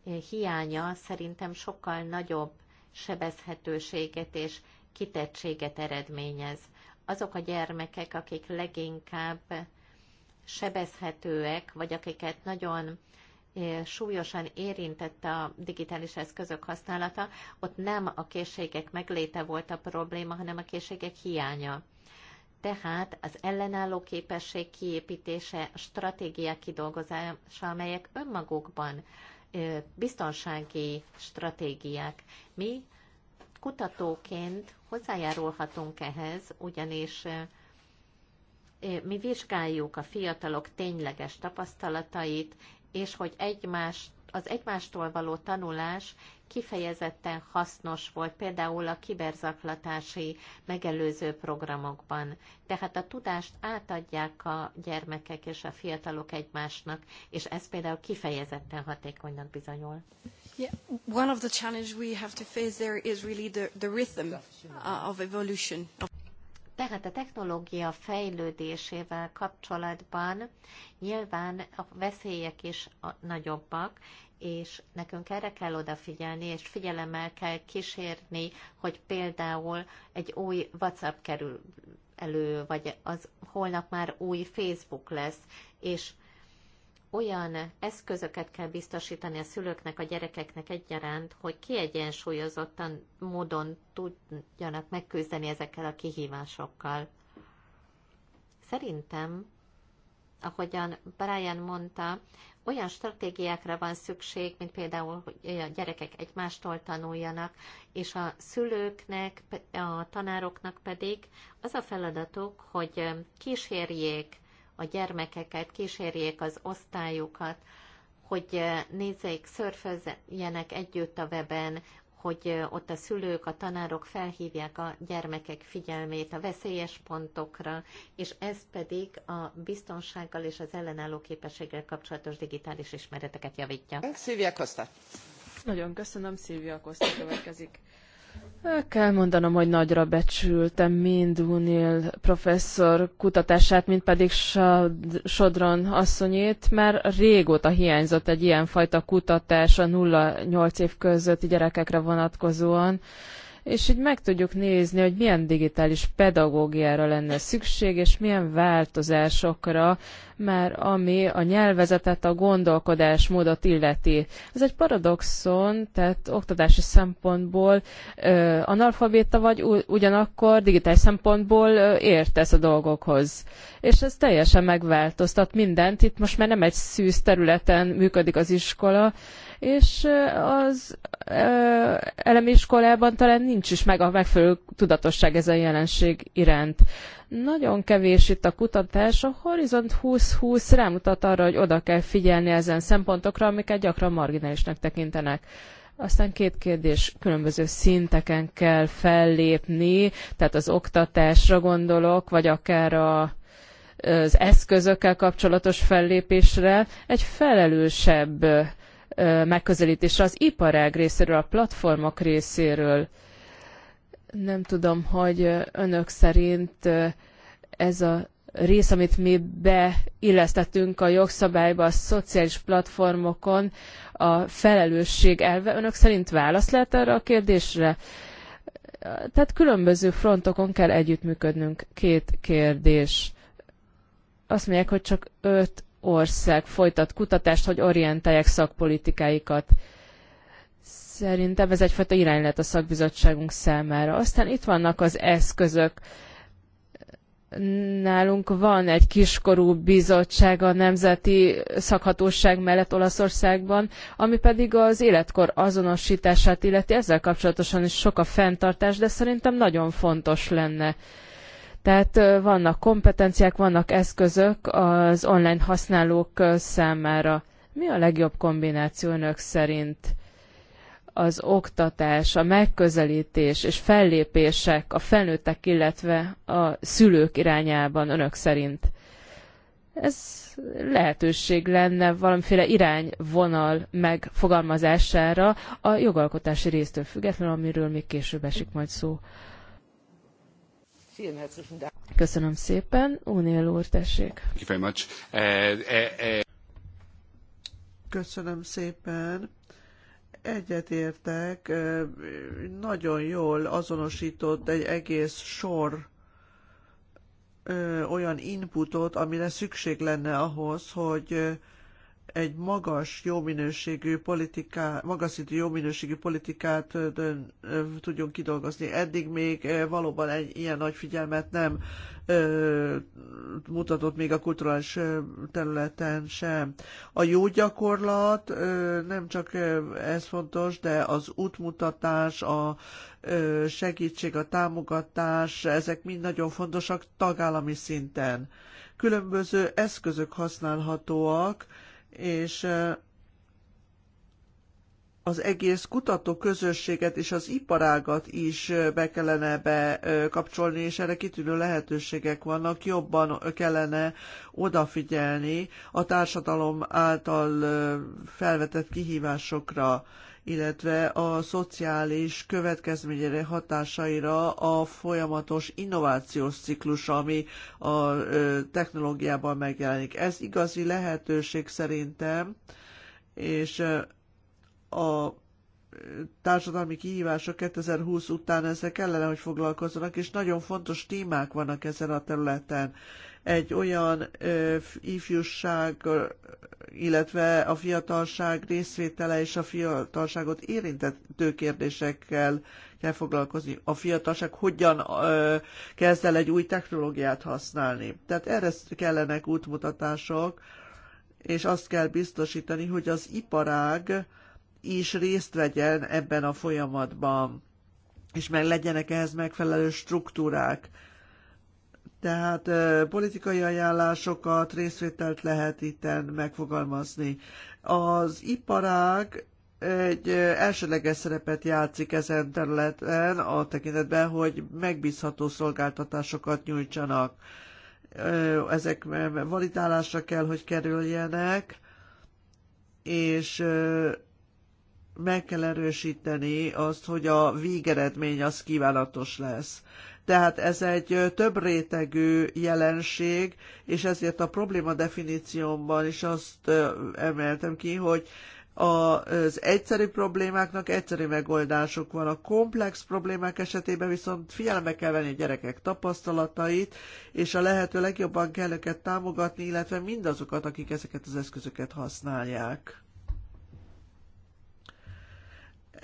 eh, hiánya szerintem sokkal nagyobb sebezhetőséget és kitettséget eredményez. Azok a gyermekek, akik leginkább sebezhetőek, vagy akiket nagyon súlyosan érintette a digitális eszközök használata, ott nem a készségek megléte volt a probléma, hanem a készségek hiánya. Tehát az ellenálló képesség kiépítése, stratégiák kidolgozása, amelyek önmagukban biztonsági stratégiák. Mi kutatóként hozzájárulhatunk ehhez, ugyanis mi vizsgáljuk a fiatalok tényleges tapasztalatait, és hogy egymás, az egymástól való tanulás kifejezetten hasznos volt például a kiberzaklatási megelőző programokban. Tehát a tudást átadják a gyermekek és a fiatalok egymásnak, és ez például kifejezetten hatékonynak bizonyul. Yeah, one of the challenges we have to face there is really the, the rhythm uh, of evolution. Of tehát a technológia fejlődésével kapcsolatban nyilván a veszélyek is nagyobbak, és nekünk erre kell odafigyelni, és figyelemmel kell kísérni, hogy például egy új WhatsApp kerül elő, vagy az holnap már új Facebook lesz, és olyan eszközöket kell biztosítani a szülőknek, a gyerekeknek egyaránt, hogy kiegyensúlyozottan módon tudjanak megküzdeni ezekkel a kihívásokkal. Szerintem, ahogyan Brian mondta, olyan stratégiákra van szükség, mint például, hogy a gyerekek egymástól tanuljanak, és a szülőknek, a tanároknak pedig az a feladatuk, hogy kísérjék a gyermekeket, kísérjék az osztályukat, hogy eh, nézzék, szörfözjenek együtt a weben, hogy eh, ott a szülők, a tanárok felhívják a gyermekek figyelmét a veszélyes pontokra, és ez pedig a biztonsággal és az ellenálló képességgel kapcsolatos digitális ismereteket javítja. Szívia Kosta. Nagyon köszönöm, Szívia Koszta következik kell mondanom, hogy nagyra becsültem mind Unil professzor kutatását, mint pedig Sodron asszonyét, mert régóta hiányzott egy ilyenfajta kutatás a 0-8 év közötti gyerekekre vonatkozóan és így meg tudjuk nézni, hogy milyen digitális pedagógiára lenne szükség, és milyen változásokra, már ami a nyelvezetet, a gondolkodásmódot illeti. Ez egy paradoxon, tehát oktatási szempontból ö, analfabéta vagy, ugyanakkor digitális szempontból ö, értesz a dolgokhoz. És ez teljesen megváltoztat mindent. Itt most már nem egy szűz területen működik az iskola, és az elemi iskolában talán nincs is meg a megfelelő tudatosság ezen jelenség iránt. Nagyon kevés itt a kutatás, a Horizont 2020 rámutat arra, hogy oda kell figyelni ezen szempontokra, amiket gyakran marginálisnak tekintenek. Aztán két kérdés, különböző szinteken kell fellépni, tehát az oktatásra gondolok, vagy akár a, az eszközökkel kapcsolatos fellépésre egy felelősebb megközelítésre az iparág részéről, a platformok részéről. Nem tudom, hogy önök szerint ez a rész, amit mi beillesztettünk a jogszabályba a szociális platformokon, a felelősség elve. Önök szerint válasz lehet erre a kérdésre? Tehát különböző frontokon kell együttműködnünk. Két kérdés. Azt mondják, hogy csak öt ország folytat kutatást, hogy orientálják szakpolitikáikat. Szerintem ez egyfajta irány lehet a szakbizottságunk számára. Aztán itt vannak az eszközök. Nálunk van egy kiskorú bizottság a Nemzeti Szakhatóság mellett Olaszországban, ami pedig az életkor azonosítását illeti. Ezzel kapcsolatosan is sok a fenntartás, de szerintem nagyon fontos lenne. Uh, tehát vannak kompetenciák, vannak eszközök az online használók számára. Mi a legjobb kombináció önök szerint? Az oktatás, a megközelítés és fellépések a felnőttek, illetve a szülők irányában önök szerint. Ez lehetőség lenne valamiféle irányvonal megfogalmazására a jogalkotási résztől függetlenül, amiről még később esik majd szó. Köszönöm szépen. Unél úr, tessék. Eh, eh, eh. Köszönöm szépen egyetértek, nagyon jól azonosított egy egész sor olyan inputot, amire szükség lenne ahhoz, hogy egy magas, jó minőségű politiká, magas szintű jó minőségű politikát tudjon kidolgozni. Eddig még valóban egy ilyen nagy figyelmet nem mutatott még a kulturális területen sem. A jó gyakorlat nem csak ez fontos, de az útmutatás, a segítség, a támogatás, ezek mind nagyon fontosak tagállami szinten. Különböző eszközök használhatóak, és az egész közösséget és az iparágat is be kellene bekapcsolni, és erre kitűnő lehetőségek vannak, jobban kellene odafigyelni a társadalom által felvetett kihívásokra illetve a szociális következményére hatásaira a folyamatos innovációs ciklus, ami a technológiában megjelenik. Ez igazi lehetőség szerintem, és a társadalmi kihívások 2020 után ezzel kellene, hogy foglalkozzanak, és nagyon fontos témák vannak ezen a területen egy olyan ifjúság, illetve a fiatalság részvétele és a fiatalságot érintető kérdésekkel kell foglalkozni. A fiatalság hogyan ö, kezd el egy új technológiát használni. Tehát erre kellenek útmutatások, és azt kell biztosítani, hogy az iparág is részt vegyen ebben a folyamatban, és meg legyenek ehhez megfelelő struktúrák tehát politikai ajánlásokat, részvételt lehet itten megfogalmazni. Az iparág egy elsőleges szerepet játszik ezen területen, a tekintetben, hogy megbízható szolgáltatásokat nyújtsanak. Ezek validálásra kell, hogy kerüljenek, és meg kell erősíteni azt, hogy a végeredmény az kívánatos lesz. Tehát ez egy több rétegű jelenség, és ezért a probléma definíciómban is azt emeltem ki, hogy az egyszerű problémáknak egyszerű megoldásuk van. A komplex problémák esetében viszont figyelembe kell venni a gyerekek tapasztalatait, és a lehető legjobban kell őket támogatni, illetve mindazokat, akik ezeket az eszközöket használják.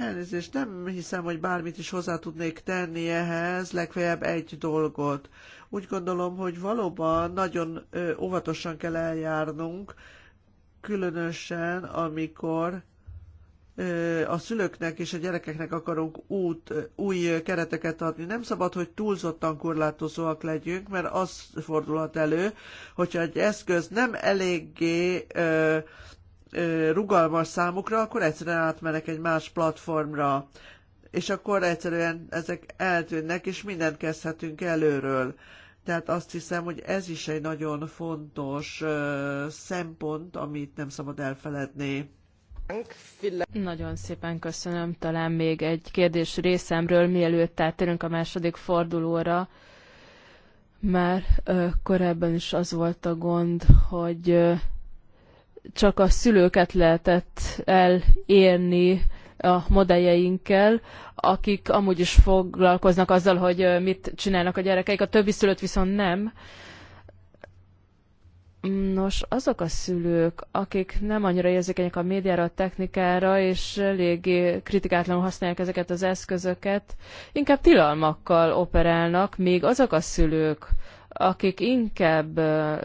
Elnézést, nem hiszem, hogy bármit is hozzá tudnék tenni ehhez, legfeljebb egy dolgot. Úgy gondolom, hogy valóban nagyon óvatosan kell eljárnunk, különösen amikor a szülőknek és a gyerekeknek akarunk út, új kereteket adni. Nem szabad, hogy túlzottan korlátozóak legyünk, mert az fordulhat elő, hogyha egy eszköz nem eléggé rugalmas számukra, akkor egyszerűen átmenek egy más platformra, és akkor egyszerűen ezek eltűnnek, és mindent kezdhetünk előről. Tehát azt hiszem, hogy ez is egy nagyon fontos szempont, amit nem szabad elfeledni. Nagyon szépen köszönöm. Talán még egy kérdés részemről, mielőtt átérünk a második fordulóra. Már ö, korábban is az volt a gond, hogy ö, csak a szülőket lehetett elérni a modelljeinkkel, akik amúgy is foglalkoznak azzal, hogy mit csinálnak a gyerekeik, a többi szülőt viszont nem. Nos, azok a szülők, akik nem annyira érzékenyek a médiára, a technikára, és eléggé kritikátlanul használják ezeket az eszközöket, inkább tilalmakkal operálnak, még azok a szülők, akik inkább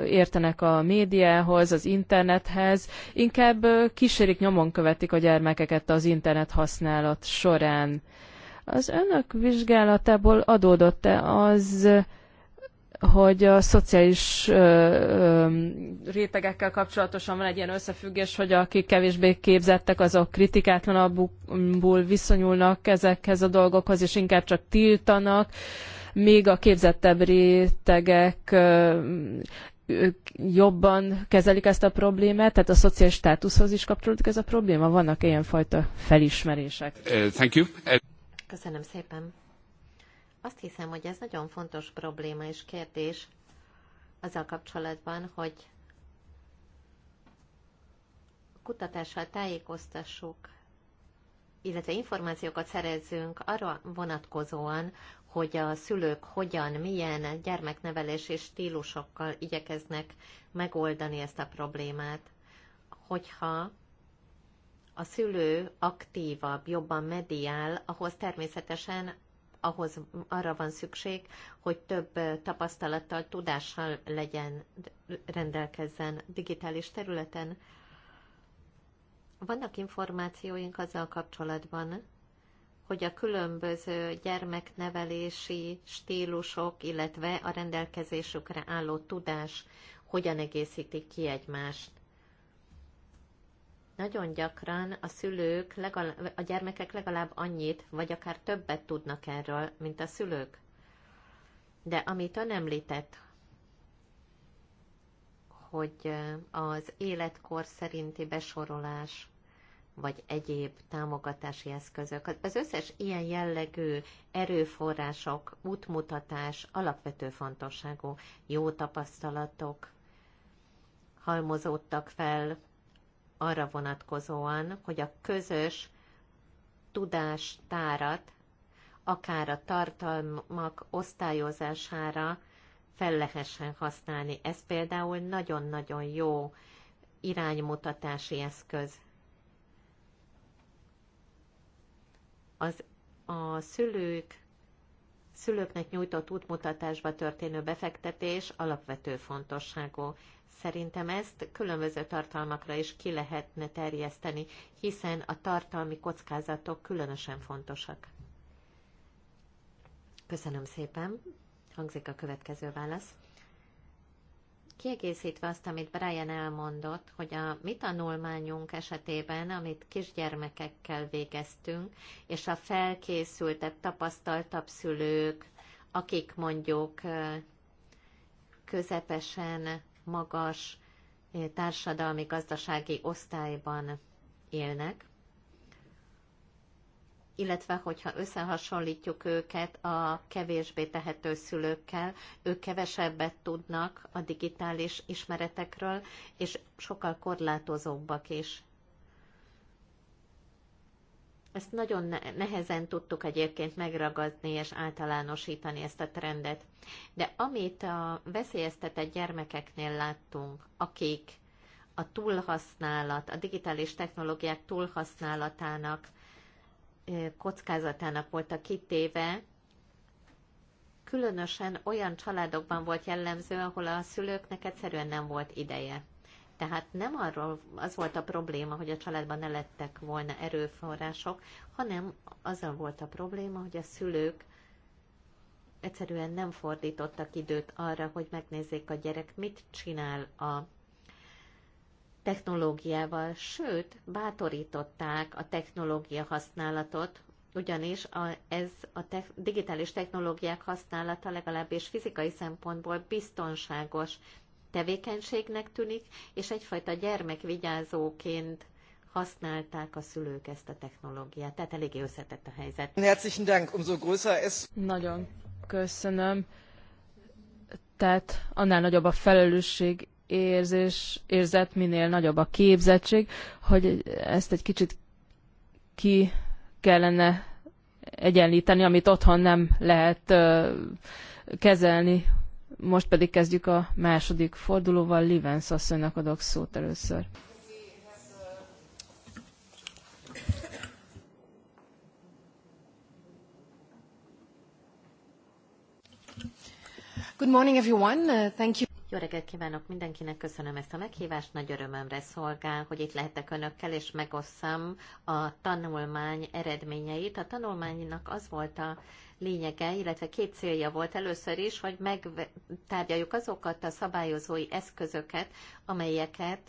értenek a médiához, az internethez, inkább kísérik nyomon követik a gyermekeket az internet használat során. Az önök vizsgálatából adódott-e az, hogy a szociális ö, ö, rétegekkel kapcsolatosan van egy ilyen összefüggés, hogy akik kevésbé képzettek, azok kritikátlanabbul viszonyulnak ezekhez a dolgokhoz, és inkább csak tiltanak. Ö, még a képzettebb rétegek jobban kezelik ezt a problémát, tehát a szociális státuszhoz is kapcsolódik ez a probléma? Vannak ilyen fajta felismerések? thank you. Köszönöm szépen. Azt hiszem, hogy ez nagyon fontos probléma és kérdés azzal kapcsolatban, hogy kutatással tájékoztassuk, illetve információkat szerezzünk arra vonatkozóan, hogy a szülők hogyan, milyen gyermeknevelési stílusokkal igyekeznek megoldani ezt a problémát. Hogyha a szülő aktívabb, jobban mediál, ahhoz természetesen ahhoz arra van szükség, hogy több tapasztalattal, tudással legyen, rendelkezzen digitális területen. Vannak információink azzal kapcsolatban, hogy a különböző gyermeknevelési stílusok, illetve a rendelkezésükre álló tudás hogyan egészítik ki egymást. Nagyon gyakran a szülők, legalább, a gyermekek legalább annyit, vagy akár többet tudnak erről, mint a szülők. De amit ön említett, hogy az életkor szerinti besorolás, vagy egyéb támogatási eszközök. Hát az összes ilyen jellegű erőforrások, útmutatás alapvető fontosságú, jó tapasztalatok halmozódtak fel arra vonatkozóan, hogy a közös tudástárat akár a tartalmak osztályozására fel lehessen használni. Ez például nagyon-nagyon jó iránymutatási eszköz az a szülők szülőknek nyújtott útmutatásba történő befektetés alapvető fontosságú. Szerintem ezt különböző tartalmakra is ki lehetne terjeszteni, hiszen a tartalmi kockázatok különösen fontosak. Köszönöm szépen. Hangzik a következő válasz kiegészítve azt, amit Brian elmondott, hogy a mi tanulmányunk esetében, amit kisgyermekekkel végeztünk, és a felkészültebb, tapasztaltabb szülők, akik mondjuk közepesen magas társadalmi-gazdasági osztályban élnek, illetve hogyha összehasonlítjuk őket a kevésbé tehető szülőkkel, ők kevesebbet tudnak a digitális ismeretekről, és sokkal korlátozóbbak is. Ezt nagyon nehezen tudtuk egyébként megragadni és általánosítani ezt a trendet. De amit a veszélyeztetett gyermekeknél láttunk, akik a túlhasználat, a digitális technológiák túlhasználatának kockázatának voltak kitéve, különösen olyan családokban volt jellemző, ahol a szülőknek egyszerűen nem volt ideje. Tehát nem arról az volt a probléma, hogy a családban ne lettek volna erőforrások, hanem azzal volt a probléma, hogy a szülők egyszerűen nem fordítottak időt arra, hogy megnézzék a gyerek, mit csinál a technológiával, sőt, bátorították a technológia használatot, ugyanis a, ez a te, digitális technológiák használata legalábbis fizikai szempontból biztonságos tevékenységnek tűnik, és egyfajta gyermekvigyázóként használták a szülők ezt a technológiát. Tehát eléggé összetett a helyzet. Herzlichen Dank, umso größer ist. Nagyon köszönöm. Tehát annál nagyobb a felelősség érzés, érzet, minél nagyobb a képzettség, hogy ezt egy kicsit ki kellene egyenlíteni, amit otthon nem lehet ö, kezelni. Most pedig kezdjük a második fordulóval. Livensz asszonynak adok szót először. Good morning, everyone. Uh, thank you. Jó reggelt kívánok mindenkinek, köszönöm ezt a meghívást, nagy örömömre szolgál, hogy itt lehetek önökkel, és megosszam a tanulmány eredményeit. A tanulmánynak az volt a lényege, illetve két célja volt először is, hogy megtárgyaljuk azokat a szabályozói eszközöket, amelyeket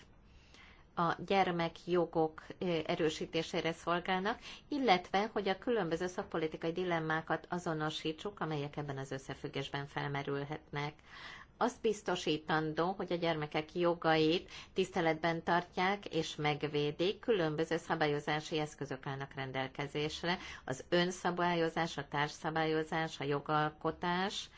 a gyermekjogok erősítésére szolgálnak, illetve hogy a különböző szakpolitikai dilemmákat azonosítsuk, amelyek ebben az összefüggésben felmerülhetnek azt biztosítandó, hogy a gyermekek jogait tiszteletben tartják és megvédik, különböző szabályozási eszközök állnak rendelkezésre, az önszabályozás, a társszabályozás, a jogalkotás,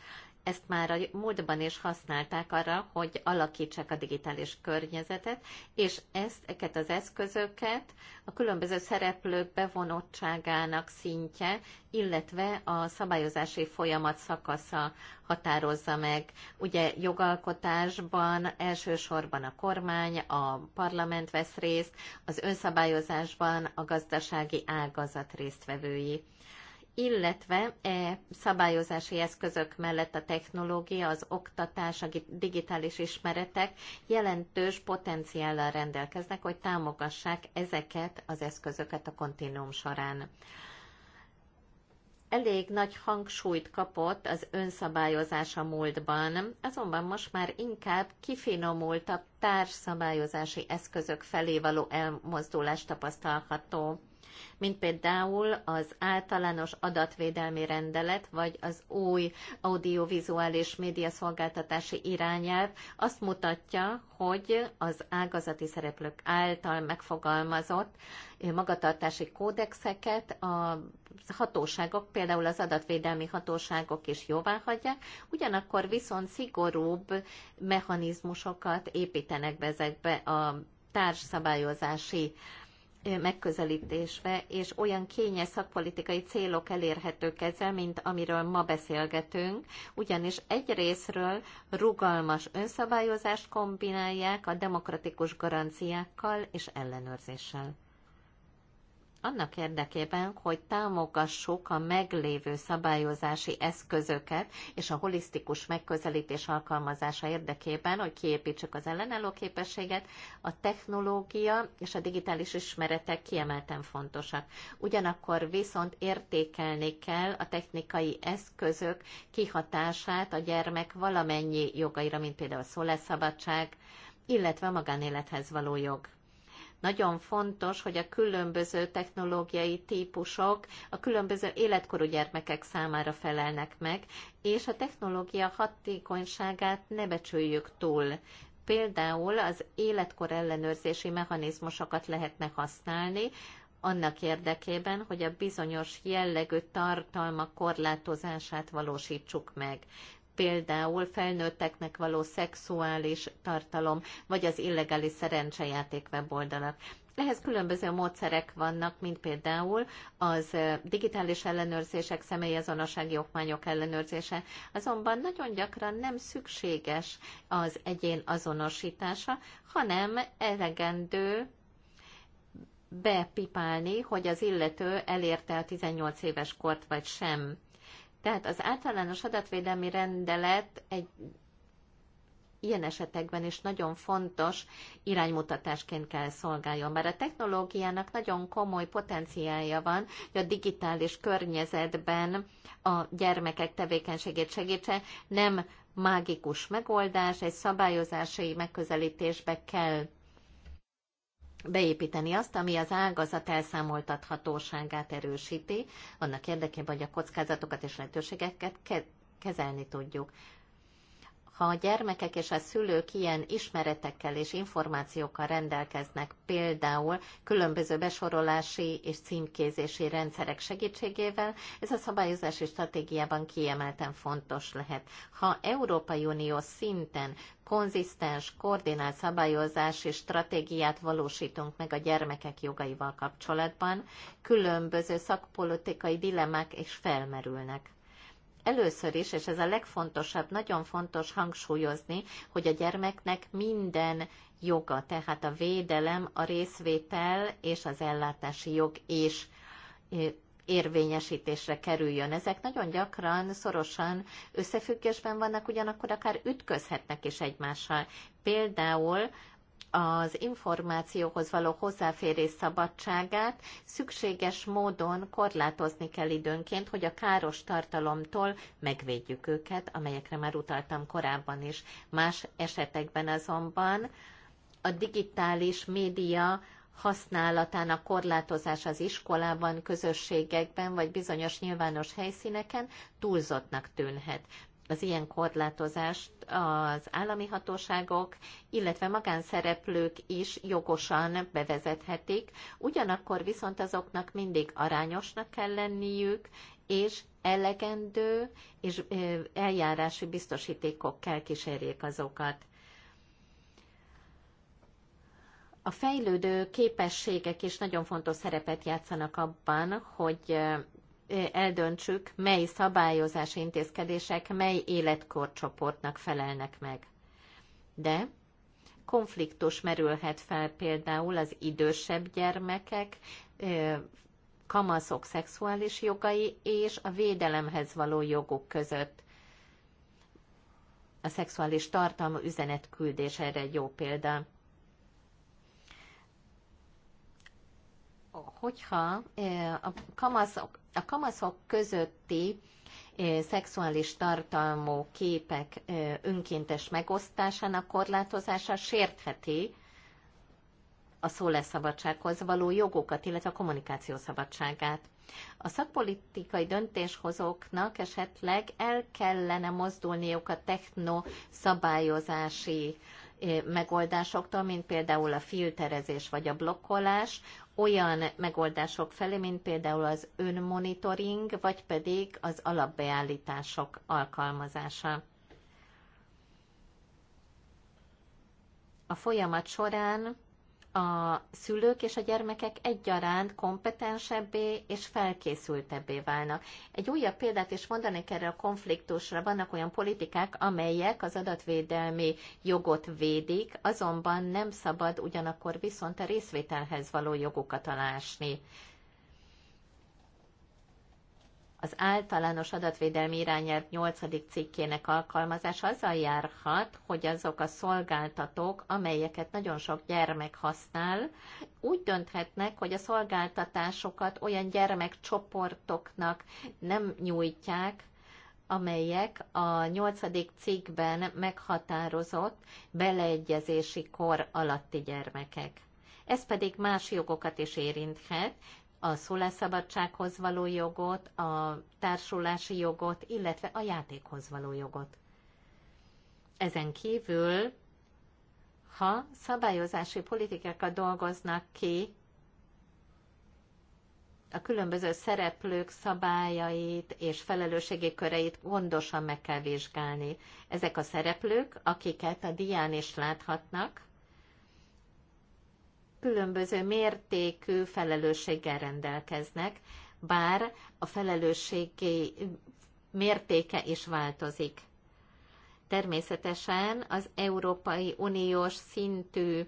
ezt már a múltban is használták arra, hogy alakítsák a digitális környezetet, és ezt, eket az eszközöket a különböző szereplők bevonottságának szintje, illetve a szabályozási folyamat szakasza határozza meg. Ugye jogalkotásban elsősorban a kormány, a parlament vesz részt, az önszabályozásban a gazdasági ágazat résztvevői illetve e szabályozási eszközök mellett a technológia, az oktatás, a digitális ismeretek jelentős potenciállal rendelkeznek, hogy támogassák ezeket az eszközöket a kontinuum során. Elég nagy hangsúlyt kapott az önszabályozás a múltban, azonban most már inkább kifinomultabb társszabályozási eszközök felé való elmozdulást tapasztalható mint például az általános adatvédelmi rendelet, vagy az új audiovizuális médiaszolgáltatási irányelv azt mutatja, hogy az ágazati szereplők által megfogalmazott eh, magatartási kódexeket a hatóságok, például az adatvédelmi hatóságok is jóvá hagyják, ugyanakkor viszont szigorúbb mechanizmusokat építenek be ezekbe a társszabályozási megközelítésbe, és olyan kényes szakpolitikai célok elérhetők ezzel, mint amiről ma beszélgetünk, ugyanis egyrésztről rugalmas önszabályozást kombinálják a demokratikus garanciákkal és ellenőrzéssel annak érdekében, hogy támogassuk a meglévő szabályozási eszközöket és a holisztikus megközelítés alkalmazása érdekében, hogy kiépítsük az ellenálló képességet, a technológia és a digitális ismeretek kiemelten fontosak. Ugyanakkor viszont értékelni kell a technikai eszközök kihatását a gyermek valamennyi jogaira, mint például a szólásszabadság, illetve a magánélethez való jog. Nagyon fontos, hogy a különböző technológiai típusok a különböző életkorú gyermekek számára felelnek meg, és a technológia hatékonyságát ne becsüljük túl. Például az életkor ellenőrzési mechanizmusokat lehetne használni, annak érdekében, hogy a bizonyos jellegű tartalma korlátozását valósítsuk meg például felnőtteknek való szexuális tartalom, vagy az illegális szerencsejáték weboldalak. Ehhez különböző módszerek vannak, mint például az digitális ellenőrzések, személyazonossági okmányok ellenőrzése, azonban nagyon gyakran nem szükséges az egyén azonosítása, hanem elegendő bepipálni, hogy az illető elérte a 18 éves kort vagy sem. Tehát az általános adatvédelmi rendelet egy ilyen esetekben is nagyon fontos iránymutatásként kell szolgáljon. Mert a technológiának nagyon komoly potenciálja van, hogy a digitális környezetben a gyermekek tevékenységét segítse. Nem mágikus megoldás, egy szabályozási megközelítésbe kell beépíteni azt, ami az ágazat elszámoltathatóságát erősíti, annak érdekében, hogy a kockázatokat és lehetőségeket kezelni tudjuk. Ha a gyermekek és a szülők ilyen ismeretekkel és információkkal rendelkeznek, például különböző besorolási és címkézési rendszerek segítségével, ez a szabályozási stratégiában kiemelten fontos lehet. Ha Európai Unió szinten konzisztens, koordinált szabályozási stratégiát valósítunk meg a gyermekek jogaival kapcsolatban, különböző szakpolitikai dilemmák is felmerülnek. Először is, és ez a legfontosabb, nagyon fontos hangsúlyozni, hogy a gyermeknek minden joga, tehát a védelem, a részvétel és az ellátási jog és érvényesítésre kerüljön. Ezek nagyon gyakran szorosan összefüggésben vannak, ugyanakkor akár ütközhetnek is egymással. Például az információhoz való hozzáférés szabadságát szükséges módon korlátozni kell időnként, hogy a káros tartalomtól megvédjük őket, amelyekre már utaltam korábban is. Más esetekben azonban a digitális média használatának korlátozás az iskolában, közösségekben vagy bizonyos nyilvános helyszíneken túlzottnak tűnhet az ilyen korlátozást az állami hatóságok, illetve magánszereplők is jogosan bevezethetik, ugyanakkor viszont azoknak mindig arányosnak kell lenniük, és elegendő és eljárási biztosítékok kell kísérjék azokat. A fejlődő képességek is nagyon fontos szerepet játszanak abban, hogy eldöntsük, mely szabályozási intézkedések mely életkorcsoportnak felelnek meg. De konfliktus merülhet fel például az idősebb gyermekek, kamaszok szexuális jogai és a védelemhez való jogok között. A szexuális tartalma üzenetküldés erre egy jó példa. hogyha a kamaszok, a kamaszok közötti szexuális tartalmú képek önkéntes megosztásának korlátozása sértheti a szólásszabadsághoz való jogokat, illetve a kommunikáció szabadságát. A szakpolitikai döntéshozóknak esetleg el kellene mozdulniuk a techno szabályozási megoldásoktól, mint például a filterezés vagy a blokkolás, olyan megoldások felé, mint például az önmonitoring, vagy pedig az alapbeállítások alkalmazása. A folyamat során a szülők és a gyermekek egyaránt kompetensebbé és felkészültebbé válnak. Egy újabb példát is mondanék erre a konfliktusra. Vannak olyan politikák, amelyek az adatvédelmi jogot védik, azonban nem szabad ugyanakkor viszont a részvételhez való jogokat alásni az általános adatvédelmi irányelv 8. cikkének alkalmazása azzal járhat, hogy azok a szolgáltatók, amelyeket nagyon sok gyermek használ, úgy dönthetnek, hogy a szolgáltatásokat olyan gyermekcsoportoknak nem nyújtják, amelyek a nyolcadik cikkben meghatározott beleegyezési kor alatti gyermekek. Ez pedig más jogokat is érinthet, a szólásszabadsághoz való jogot, a társulási jogot, illetve a játékhoz való jogot. Ezen kívül, ha szabályozási politikákat dolgoznak ki, a különböző szereplők szabályait és felelősségi köreit gondosan meg kell vizsgálni. Ezek a szereplők, akiket a dián is láthatnak, különböző mértékű felelősséggel rendelkeznek, bár a felelősségi mértéke is változik. Természetesen az Európai Uniós szintű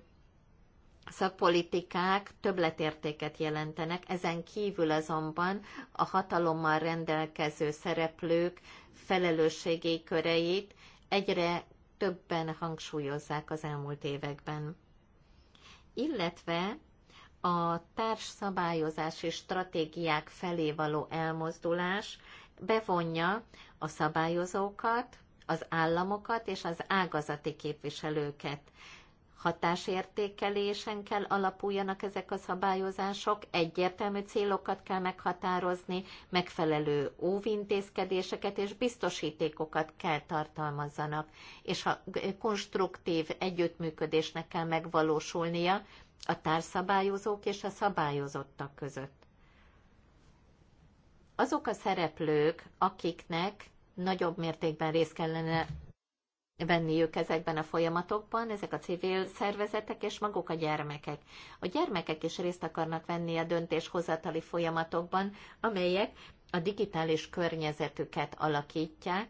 szakpolitikák többletértéket jelentenek, ezen kívül azonban a hatalommal rendelkező szereplők felelősségi köreit egyre többen hangsúlyozzák az elmúlt években illetve a és stratégiák felé való elmozdulás bevonja a szabályozókat, az államokat és az ágazati képviselőket hatásértékelésen kell alapuljanak ezek a szabályozások, egyértelmű célokat kell meghatározni, megfelelő óvintézkedéseket és biztosítékokat kell tartalmazzanak, és a konstruktív együttműködésnek kell megvalósulnia a társszabályozók és a szabályozottak között. Azok a szereplők, akiknek nagyobb mértékben részt kellene venni ők ezekben a folyamatokban, ezek a civil szervezetek és maguk a gyermekek. A gyermekek is részt akarnak venni a döntéshozatali folyamatokban, amelyek a digitális környezetüket alakítják,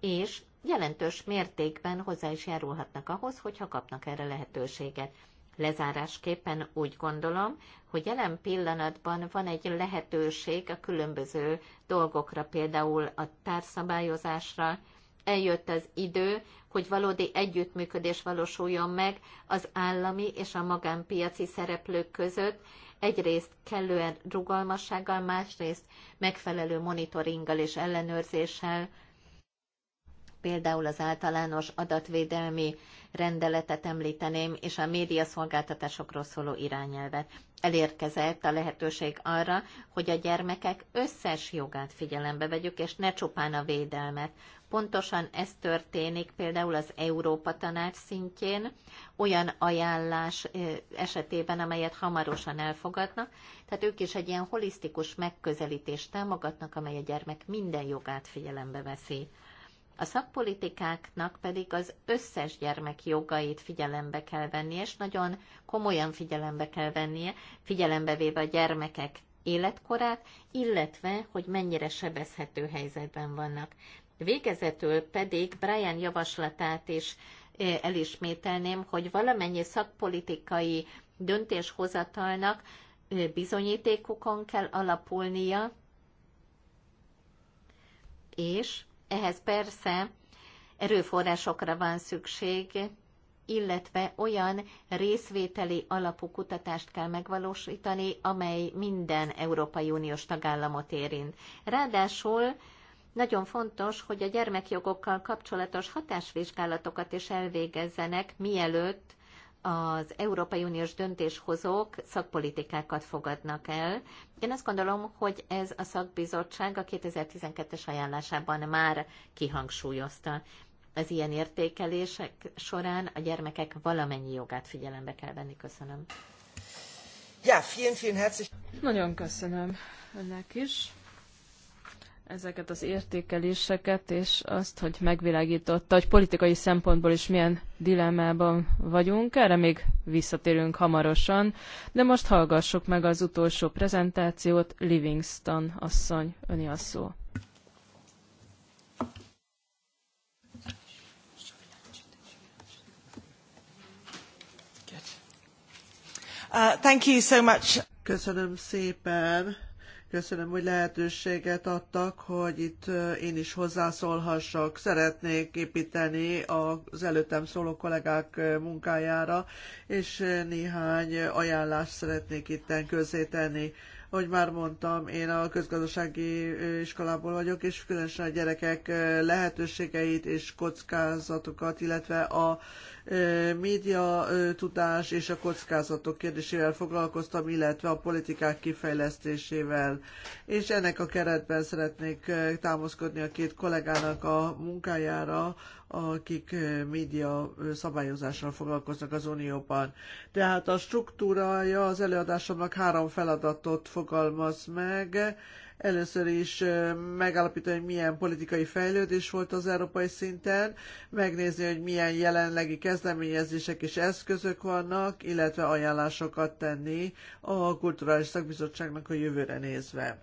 és jelentős mértékben hozzá is járulhatnak ahhoz, hogyha kapnak erre lehetőséget. Lezárásképpen úgy gondolom, hogy jelen pillanatban van egy lehetőség a különböző dolgokra, például a társzabályozásra. Eljött az idő, hogy valódi együttműködés valósuljon meg az állami és a magánpiaci szereplők között, egyrészt kellően rugalmassággal, másrészt megfelelő monitoringgal és ellenőrzéssel, például az általános adatvédelmi rendeletet említeném, és a médiaszolgáltatásokról szóló irányelvet. Elérkezett a lehetőség arra, hogy a gyermekek összes jogát figyelembe vegyük, és ne csupán a védelmet. Pontosan ez történik például az Európa Tanács szintjén, olyan ajánlás esetében, amelyet hamarosan elfogadnak. Tehát ők is egy ilyen holisztikus megközelítést támogatnak, amely a gyermek minden jogát figyelembe veszi. A szakpolitikáknak pedig az összes gyermek jogait figyelembe kell vennie, és nagyon komolyan figyelembe kell vennie, figyelembe véve a gyermekek életkorát, illetve hogy mennyire sebezhető helyzetben vannak. Végezetül pedig Brian javaslatát is eh, elismételném, hogy valamennyi szakpolitikai döntéshozatalnak eh, bizonyítékokon kell alapulnia, és ehhez persze erőforrásokra van szükség, illetve olyan részvételi alapú kutatást kell megvalósítani, amely minden Európai Uniós tagállamot érint. Ráadásul nagyon fontos, hogy a gyermekjogokkal kapcsolatos hatásvizsgálatokat is elvégezzenek, mielőtt az Európai Uniós döntéshozók szakpolitikákat fogadnak el. Én azt gondolom, hogy ez a szakbizottság a 2012-es ajánlásában már kihangsúlyozta az ilyen értékelések során a gyermekek valamennyi jogát figyelembe kell venni. Köszönöm. Ja, vielen, vielen herzlich. Nagyon köszönöm önnek is ezeket az értékeléseket, és azt, hogy megvilágította, hogy politikai szempontból is milyen dilemmában vagyunk. Erre még visszatérünk hamarosan, de most hallgassuk meg az utolsó prezentációt, Livingston asszony, öni a szó. Uh, Köszönöm szépen. Köszönöm, hogy lehetőséget adtak, hogy itt uh, én is hozzászólhassak. Szeretnék építeni az előttem szóló kollégák uh, munkájára, és néhány ajánlást szeretnék itten közzétenni. tenni ahogy már mondtam, én a közgazdasági iskolából vagyok, és különösen a gyerekek lehetőségeit és kockázatokat, illetve a média tudás és a kockázatok kérdésével foglalkoztam, illetve a politikák kifejlesztésével. És ennek a keretben szeretnék támaszkodni a két kollégának a munkájára, akik média szabályozással foglalkoznak az Unióban. Tehát a struktúrája az előadásomnak három feladatot fogalmaz meg. Először is megállapítani, hogy milyen politikai fejlődés volt az európai szinten, megnézni, hogy milyen jelenlegi kezdeményezések és eszközök vannak, illetve ajánlásokat tenni a Kulturális Szakbizottságnak a jövőre nézve.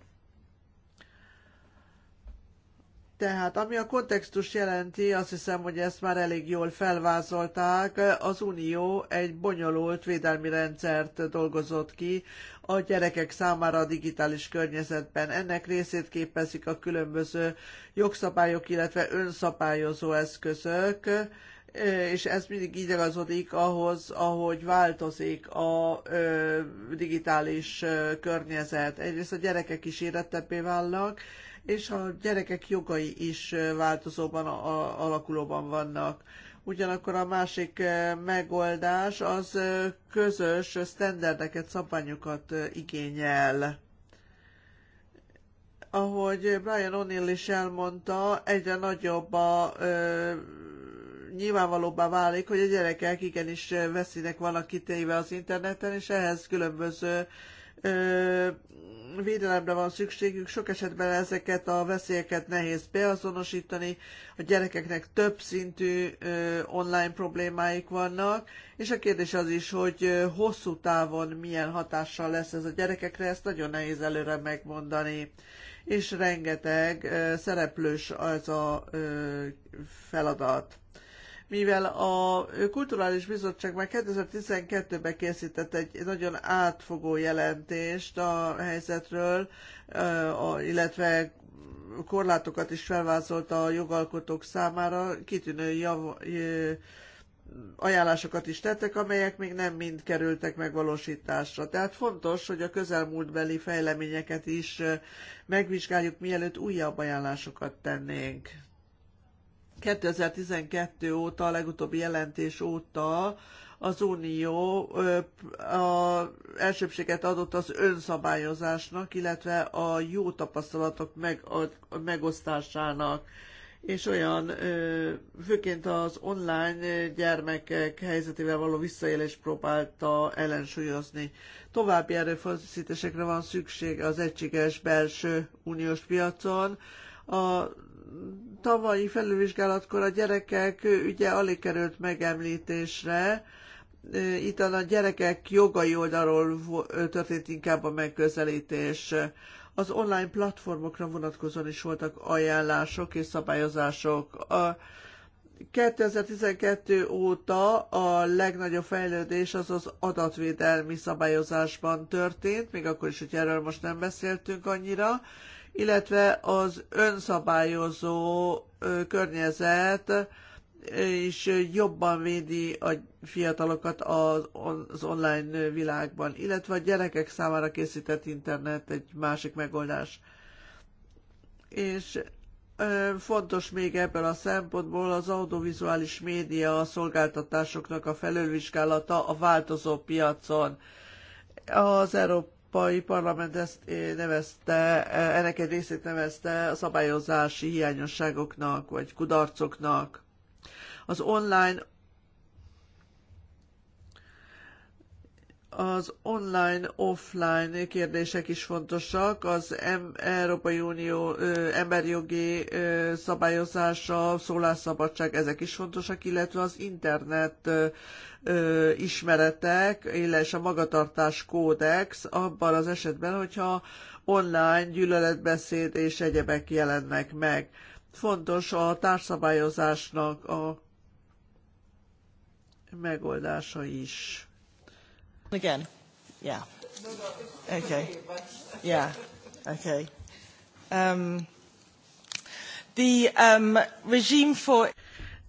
Tehát ami a kontextus jelenti, azt hiszem, hogy ezt már elég jól felvázolták, az Unió egy bonyolult védelmi rendszert dolgozott ki a gyerekek számára a digitális környezetben. Ennek részét képezik a különböző jogszabályok, illetve önszabályozó eszközök, és ez mindig igazodik ahhoz, ahogy változik a digitális környezet. Egyrészt a gyerekek is érettebbé válnak, és a gyerekek jogai is változóban, alakulóban vannak. Ugyanakkor a másik megoldás az közös sztenderdeket, szabványokat igényel ahogy Brian O'Neill is elmondta, egyre nagyobb a ö, nyilvánvalóbbá válik, hogy a gyerekek igenis veszélynek vannak kitéve az interneten, és ehhez különböző védelemre van szükségük, sok esetben ezeket a veszélyeket nehéz beazonosítani, a gyerekeknek több szintű online problémáik vannak, és a kérdés az is, hogy hosszú távon milyen hatással lesz ez a gyerekekre, ezt nagyon nehéz előre megmondani, és rengeteg szereplős az a feladat mivel a Kulturális Bizottság már 2012-ben készített egy nagyon átfogó jelentést a helyzetről, illetve korlátokat is felvázolta a jogalkotók számára, kitűnő jav, ajánlásokat is tettek, amelyek még nem mind kerültek megvalósításra. Tehát fontos, hogy a közelmúltbeli fejleményeket is megvizsgáljuk, mielőtt újabb ajánlásokat tennénk. 2012 óta, a legutóbbi jelentés óta az Unió a elsőbséget adott az önszabályozásnak, illetve a jó tapasztalatok meg, a, megosztásának, és olyan, főként az online gyermekek helyzetével való visszaélés próbálta ellensúlyozni. További erőfeszítésekre van szükség az egységes belső uniós piacon, a tavalyi felülvizsgálatkor a gyerekek ugye alig került megemlítésre. Itt a gyerekek jogai oldalról történt inkább a megközelítés. Az online platformokra vonatkozóan is voltak ajánlások és szabályozások. A 2012 óta a legnagyobb fejlődés az az adatvédelmi szabályozásban történt, még akkor is, hogy erről most nem beszéltünk annyira, illetve az önszabályozó környezet is jobban védi a fiatalokat az online világban, illetve a gyerekek számára készített internet egy másik megoldás. És fontos még ebből a szempontból az audiovizuális média szolgáltatásoknak a felülvizsgálata a változó piacon. Az Európa Európai Parlament ezt eh, nevezte, eh, ennek egy részét nevezte a szabályozási hiányosságoknak, vagy kudarcoknak. Az online az online-offline kérdések is fontosak. Az Európai Unió emberjogi szabályozása, szólásszabadság, ezek is fontosak, illetve az internet ö, ismeretek, illetve a magatartás kódex abban az esetben, hogyha online gyűlöletbeszéd és egyebek jelennek meg. Fontos a társzabályozásnak a megoldása is. Again. Yeah. Okay. Yeah. Okay. Um, the um, regime for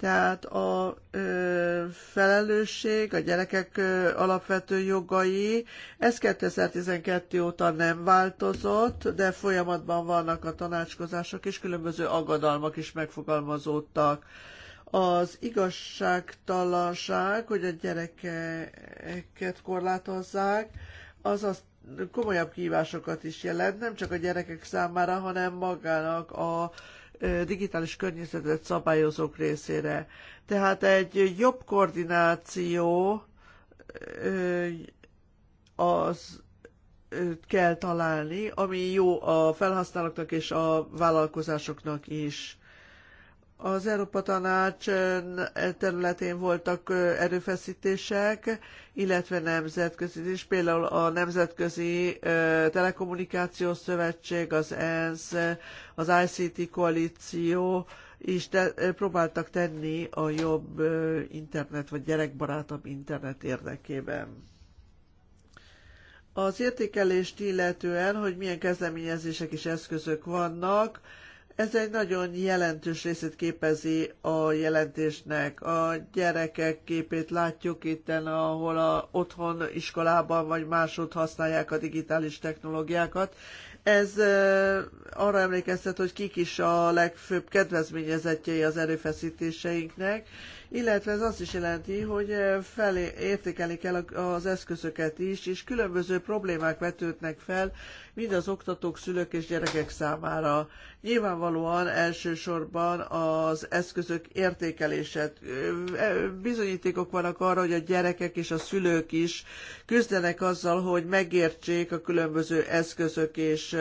tehát a ö, felelősség, a gyerekek ö, alapvető jogai, ez 2012 óta nem változott, de folyamatban vannak a tanácskozások, és különböző aggodalmak is megfogalmazódtak. Az igazságtalanság, hogy a gyerekeket korlátozzák, az azt komolyabb kívásokat is jelent, nem csak a gyerekek számára, hanem magának a digitális környezetet szabályozók részére. Tehát egy jobb koordináció az kell találni, ami jó a felhasználóknak és a vállalkozásoknak is. Az Európa Tanács eh, területén voltak eh, erőfeszítések, illetve nemzetközi is, például a Nemzetközi eh, Telekommunikációs Szövetség, az ENSZ, az ICT koalíció is te, próbáltak tenni a jobb internet vagy gyerekbarátabb internet érdekében. Az értékelést illetően, hogy milyen kezdeményezések és eszközök vannak, ez egy nagyon jelentős részét képezi a jelentésnek. A gyerekek képét látjuk itt, ahol a otthon, iskolában vagy máshogy használják a digitális technológiákat. Ez arra emlékeztet, hogy kik is a legfőbb kedvezményezettjei az erőfeszítéseinknek, illetve ez azt is jelenti, hogy eh, felé értékelni kell az eszközöket is, és különböző problémák vetődnek fel, mind az oktatók, szülők és gyerekek számára. Nyilvánvalóan elsősorban az eszközök értékelését. Eh, eh, bizonyítékok vannak arra, hogy a gyerekek és a szülők is küzdenek azzal, hogy megértsék a különböző eszközök és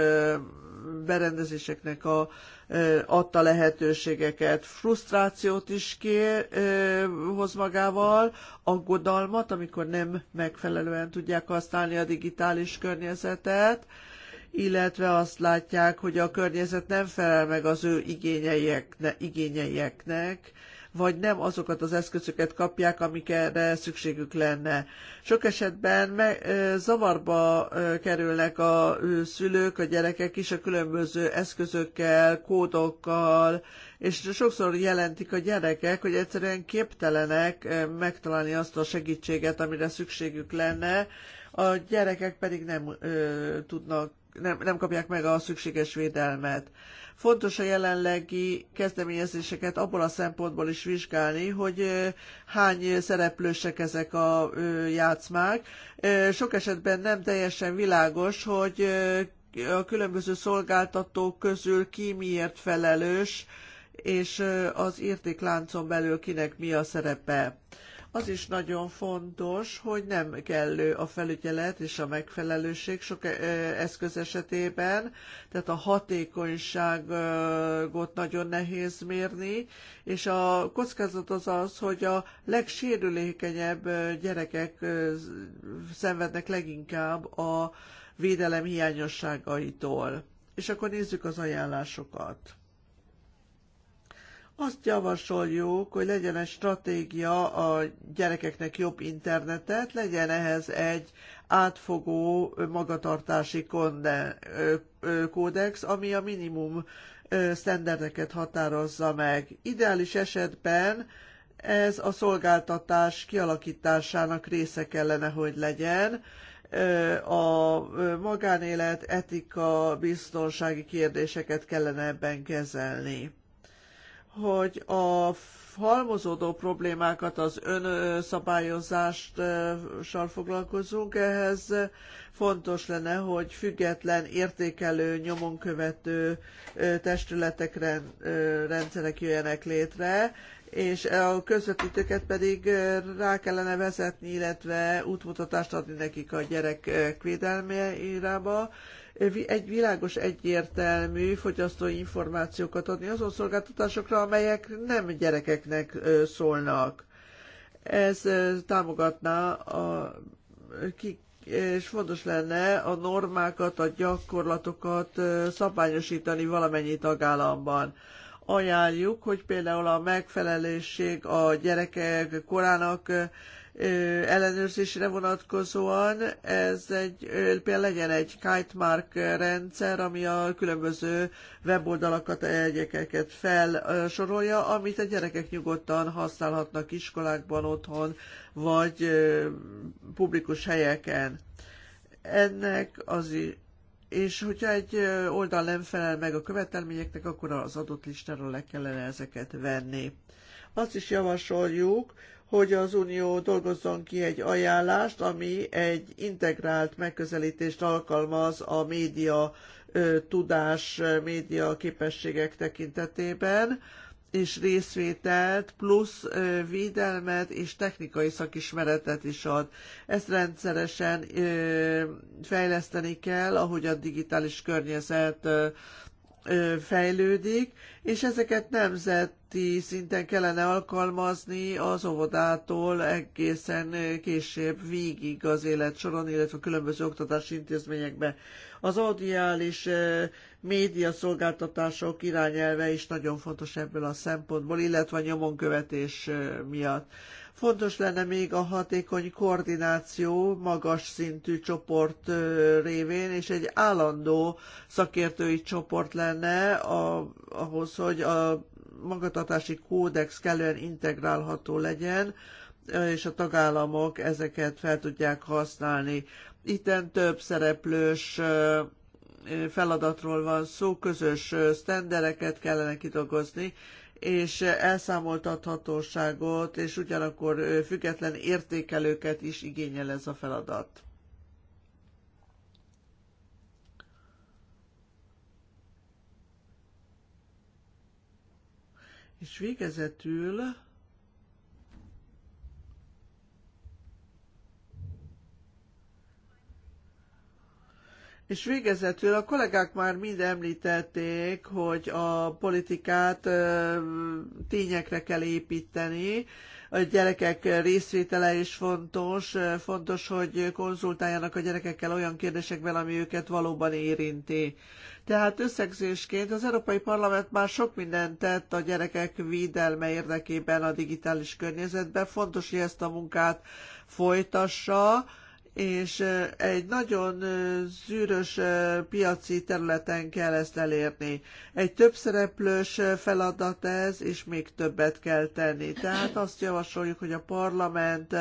berendezéseknek a adta lehetőségeket. Frusztrációt is hoz magával, aggodalmat, amikor nem megfelelően tudják használni a digitális környezetet, illetve azt látják, hogy a környezet nem felel meg az ő igényeieknek, igényeieknek vagy nem azokat az eszközöket kapják, amikre szükségük lenne. Sok esetben zavarba kerülnek a szülők, a gyerekek is a különböző eszközökkel, kódokkal, és sokszor jelentik a gyerekek, hogy egyszerűen képtelenek megtalálni azt a segítséget, amire szükségük lenne, a gyerekek pedig nem ö, tudnak nem, nem kapják meg a szükséges védelmet. Fontos a jelenlegi kezdeményezéseket abból a szempontból is vizsgálni, hogy hány szereplősek ezek a játszmák. Sok esetben nem teljesen világos, hogy a különböző szolgáltatók közül ki miért felelős, és az értékláncon belül kinek mi a szerepe. Az is nagyon fontos, hogy nem kellő a felügyelet és a megfelelőség sok eszköz esetében, tehát a hatékonyságot nagyon nehéz mérni, és a kockázat az az, hogy a legsérülékenyebb gyerekek szenvednek leginkább a védelem hiányosságaitól. És akkor nézzük az ajánlásokat. Azt javasoljuk, hogy legyen egy stratégia a gyerekeknek jobb internetet, legyen ehhez egy átfogó magatartási kódex, ami a minimum sztenderdeket határozza meg. Ideális esetben ez a szolgáltatás kialakításának része kellene, hogy legyen. A magánélet, etika, biztonsági kérdéseket kellene ebben kezelni hogy a halmozódó problémákat, az önszabályozással foglalkozunk, ehhez fontos lenne, hogy független, értékelő, nyomon követő testületek, rendszerek jöjjenek létre, és a közvetítőket pedig rá kellene vezetni, illetve útmutatást adni nekik a gyerek védelmérába, egy világos, egyértelmű fogyasztói információkat adni azon szolgáltatásokra, amelyek nem gyerekeknek szólnak. Ez támogatná a kik és fontos lenne a normákat, a gyakorlatokat szabályosítani valamennyi tagállamban. Ajánljuk, hogy például a megfelelőség a gyerekek korának ellenőrzésre vonatkozóan ez egy, például legyen egy kitemark rendszer, ami a különböző weboldalakat, egyekeket felsorolja, amit a gyerekek nyugodtan használhatnak iskolákban, otthon, vagy publikus helyeken. Ennek az és hogyha egy oldal nem felel meg a követelményeknek, akkor az adott listáról le kellene ezeket venni. Azt is javasoljuk, hogy az Unió dolgozzon ki egy ajánlást, ami egy integrált megközelítést alkalmaz a média tudás, média képességek tekintetében, és részvételt, plusz védelmet és technikai szakismeretet is ad. Ezt rendszeresen fejleszteni kell, ahogy a digitális környezet fejlődik, és ezeket nemzeti szinten kellene alkalmazni az óvodától egészen később végig az élet soron, illetve a különböző oktatási intézményekben. Az audiális média szolgáltatások irányelve is nagyon fontos ebből a szempontból, illetve a nyomon követés miatt. Fontos lenne még a hatékony koordináció magas szintű csoport révén, és egy állandó szakértői csoport lenne a, ahhoz, hogy a magatartási kódex kellően integrálható legyen, és a tagállamok ezeket fel tudják használni. Itten több szereplős feladatról van szó, közös sztendereket kellene kidolgozni, és elszámoltathatóságot, és ugyanakkor független értékelőket is igényel ez a feladat. És végezetül És végezetül a kollégák már mind említették, hogy a politikát tényekre kell építeni, a gyerekek részvétele is fontos, fontos, hogy konzultáljanak a gyerekekkel olyan kérdésekben, ami őket valóban érinti. Tehát összegzésként az Európai Parlament már sok mindent tett a gyerekek védelme érdekében a digitális környezetben. Fontos, hogy ezt a munkát folytassa, és egy nagyon zűrös piaci területen kell ezt elérni. Egy többszereplős feladat ez, és még többet kell tenni. Tehát azt javasoljuk, hogy a parlament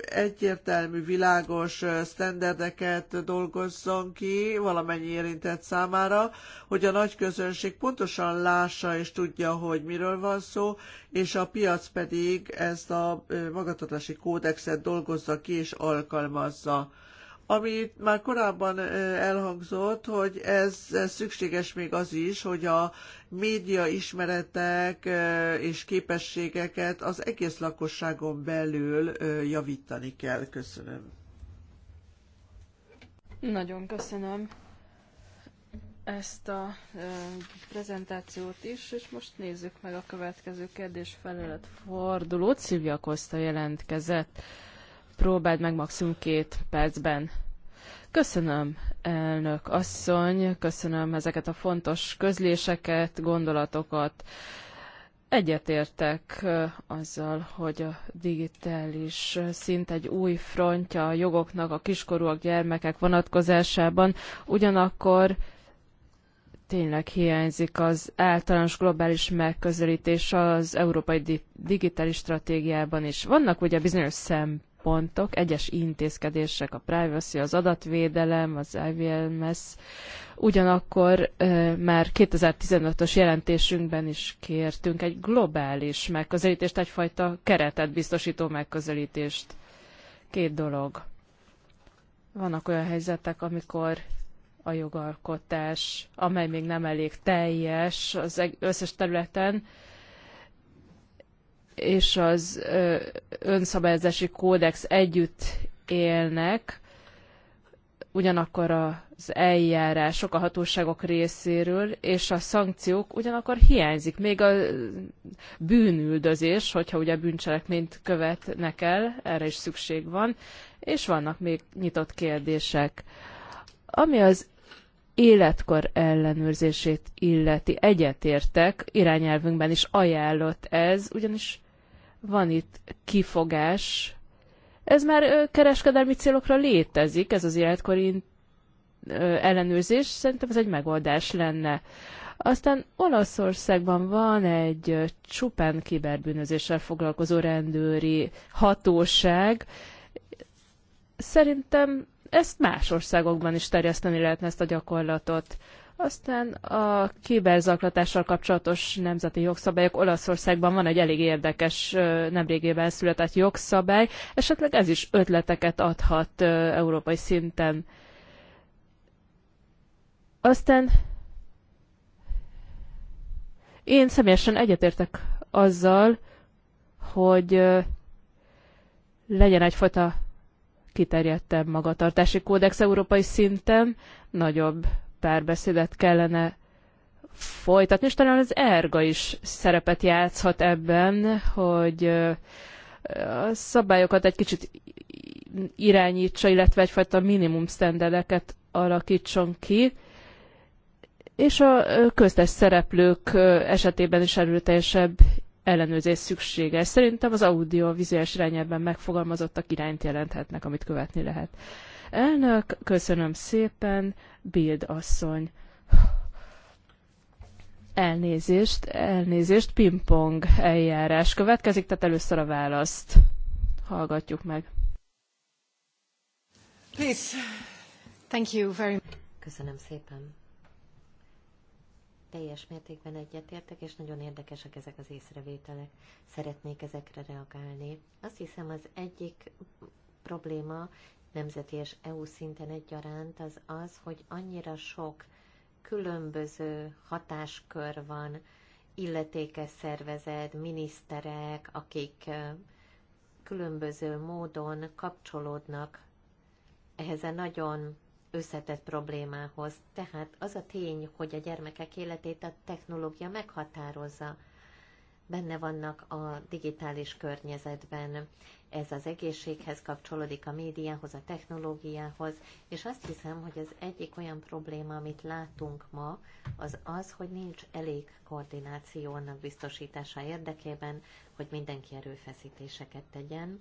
egyértelmű, világos sztenderdeket dolgozzon ki valamennyi érintett számára, hogy a nagy közönség pontosan lássa és tudja, hogy miről van szó, és a piac pedig ezt a magatartási kódexet dolgozza ki és alkalmazza. Ami már korábban elhangzott, hogy ez szükséges még az is, hogy a média ismeretek és képességeket az egész lakosságon belül javítani kell. Köszönöm. Nagyon köszönöm ezt a prezentációt is, és most nézzük meg a következő kérdés felelet fordulót. Szilvia Koszta jelentkezett próbáld meg maximum két percben. Köszönöm, elnök asszony, köszönöm ezeket a fontos közléseket, gondolatokat. Egyetértek azzal, hogy a digitális szint egy új frontja a jogoknak a kiskorúak gyermekek vonatkozásában, ugyanakkor tényleg hiányzik az általános globális megközelítés az európai digitális stratégiában is. Vannak ugye bizonyos szempontok, pontok, egyes intézkedések, a privacy, az adatvédelem, az IVMS, ugyanakkor e, már 2015-ös jelentésünkben is kértünk egy globális megközelítést, egyfajta keretet biztosító megközelítést. Két dolog. Vannak olyan helyzetek, amikor a jogalkotás, amely még nem elég teljes az e- összes területen, és az önszabályozási kódex együtt élnek, ugyanakkor az eljárások a hatóságok részéről, és a szankciók ugyanakkor hiányzik. Még a bűnüldözés, hogyha ugye bűncselekményt követnek el, erre is szükség van, és vannak még nyitott kérdések. Ami az életkor ellenőrzését illeti, egyetértek, irányelvünkben is ajánlott ez, ugyanis van itt kifogás. Ez már kereskedelmi célokra létezik, ez az életkori ellenőrzés. Szerintem ez egy megoldás lenne. Aztán Olaszországban van egy csupán kiberbűnözéssel foglalkozó rendőri hatóság. Szerintem ezt más országokban is terjeszteni lehetne ezt a gyakorlatot. Aztán a kiberzaklatással kapcsolatos nemzeti jogszabályok. Olaszországban van egy elég érdekes, nemrégében született jogszabály. Esetleg ez is ötleteket adhat európai szinten. Aztán én személyesen egyetértek azzal, hogy legyen egyfajta kiterjedtebb magatartási kódex európai szinten, nagyobb párbeszédet kellene folytatni, és talán az erga is szerepet játszhat ebben, hogy a szabályokat egy kicsit irányítsa, illetve egyfajta minimum sztendeleket alakítson ki, és a köztes szereplők esetében is erőteljesebb ellenőrzés szükséges. Szerintem az audiovizuális irányelvben megfogalmazottak irányt jelenthetnek, amit követni lehet. Elnök, köszönöm szépen, Bild asszony. Elnézést, elnézést, pingpong eljárás következik, tehát először a választ hallgatjuk meg. Please. Thank you very much. Köszönöm szépen. Teljes mértékben egyetértek, és nagyon érdekesek ezek az észrevételek. Szeretnék ezekre reagálni. Azt hiszem az egyik probléma nemzeti és EU szinten egyaránt, az az, hogy annyira sok különböző hatáskör van, illetékes szervezet, miniszterek, akik különböző módon kapcsolódnak ehhez a nagyon összetett problémához. Tehát az a tény, hogy a gyermekek életét a technológia meghatározza, benne vannak a digitális környezetben. Ez az egészséghez kapcsolódik, a médiához, a technológiához, és azt hiszem, hogy az egyik olyan probléma, amit látunk ma, az az, hogy nincs elég koordináció annak biztosítása érdekében, hogy mindenki erőfeszítéseket tegyen,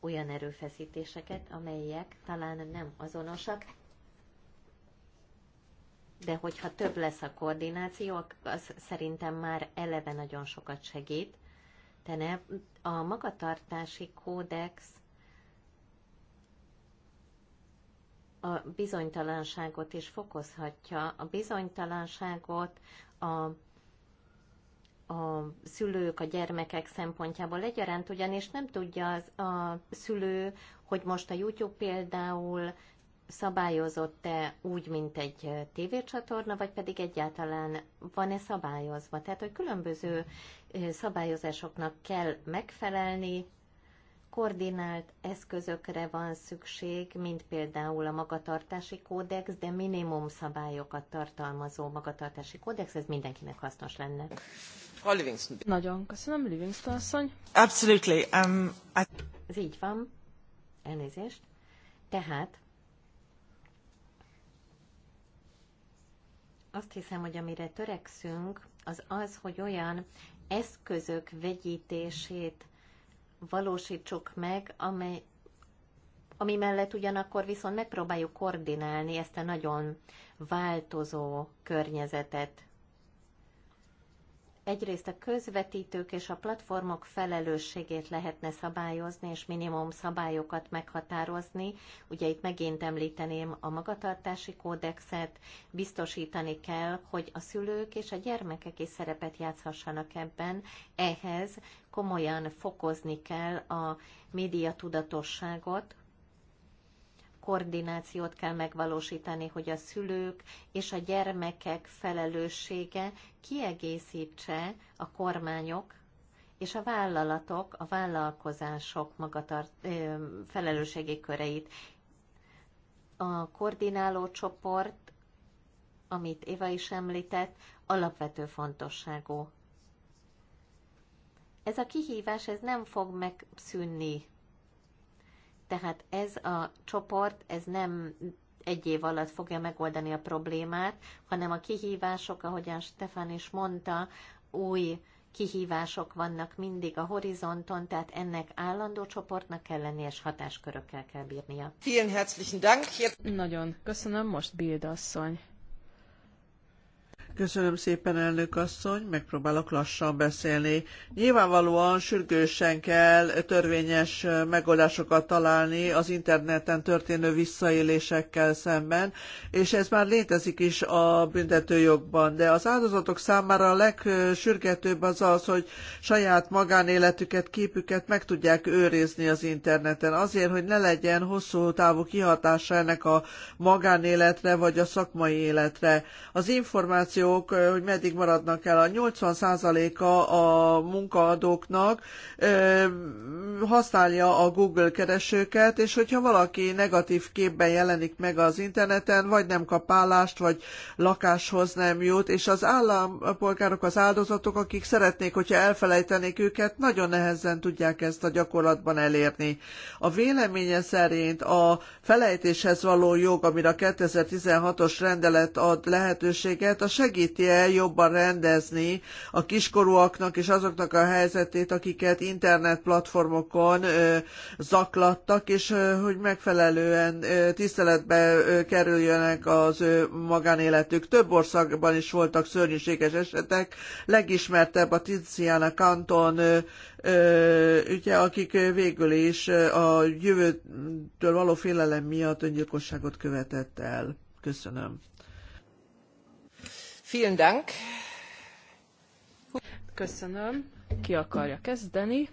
olyan erőfeszítéseket, amelyek talán nem azonosak, de hogyha több lesz a koordináció, az szerintem már eleve nagyon sokat segít, de ne, a magatartási kódex a bizonytalanságot is fokozhatja. A bizonytalanságot a a szülők, a gyermekek szempontjából egyaránt, ugyanis nem tudja az, a szülő, hogy most a YouTube például szabályozott-e úgy, mint egy tévécsatorna, vagy pedig egyáltalán van-e szabályozva. Tehát, hogy különböző szabályozásoknak kell megfelelni, koordinált eszközökre van szükség, mint például a magatartási kódex, de minimum szabályokat tartalmazó magatartási kódex, ez mindenkinek hasznos lenne. Livingston. Nagyon köszönöm, Livingston asszony. Absolutely. Um, I... Ez így van. Elnézést. Tehát azt hiszem, hogy amire törekszünk, az az, hogy olyan eszközök vegyítését valósítsuk meg, amely, ami mellett ugyanakkor viszont megpróbáljuk koordinálni ezt a nagyon változó környezetet egyrészt a közvetítők és a platformok felelősségét lehetne szabályozni, és minimum szabályokat meghatározni. Ugye itt megint említeném a magatartási kódexet, biztosítani kell, hogy a szülők és a gyermekek is szerepet játszhassanak ebben. Ehhez komolyan fokozni kell a médiatudatosságot, koordinációt kell megvalósítani, hogy a szülők és a gyermekek felelőssége kiegészítse a kormányok és a vállalatok, a vállalkozások magatart, ö, felelősségi köreit. A koordináló csoport, amit Éva is említett, alapvető fontosságú. Ez a kihívás ez nem fog megszűnni tehát ez a csoport, ez nem egy év alatt fogja megoldani a problémát, hanem a kihívások, ahogyan Stefan is mondta, új kihívások vannak mindig a horizonton, tehát ennek állandó csoportnak kell lenni, és hatáskörökkel kell bírnia. Vielen herzlichen Dank. Nagyon köszönöm, most Bild asszony. Köszönöm szépen, elnök asszony, megpróbálok lassan beszélni. Nyilvánvalóan sürgősen kell törvényes megoldásokat találni az interneten történő visszaélésekkel szemben, és ez már létezik is a büntetőjogban, de az áldozatok számára a legsürgetőbb az az, hogy saját magánéletüket, képüket meg tudják őrizni az interneten, azért, hogy ne legyen hosszú távú kihatása ennek a magánéletre vagy a szakmai életre. Az információ szankciók, hogy meddig maradnak el. A 80%-a a munkaadóknak használja a Google keresőket, és hogyha valaki negatív képben jelenik meg az interneten, vagy nem kap állást, vagy lakáshoz nem jut, és az állampolgárok, az áldozatok, akik szeretnék, hogyha elfelejtenék őket, nagyon nehezen tudják ezt a gyakorlatban elérni. A véleménye szerint a felejtéshez való jog, amire a 2016-os rendelet ad lehetőséget, a segít segíti-e jobban rendezni a kiskorúaknak és azoknak a helyzetét, akiket internetplatformokon zaklattak, és hogy megfelelően tiszteletbe kerüljönek az ő magánéletük. Több országban is voltak szörnyűséges esetek, legismertebb a Tiziana Kanton ügye, akik végül is a jövőtől való félelem miatt öngyilkosságot követett el. Köszönöm. Köszönöm. Ki akarja kezdeni?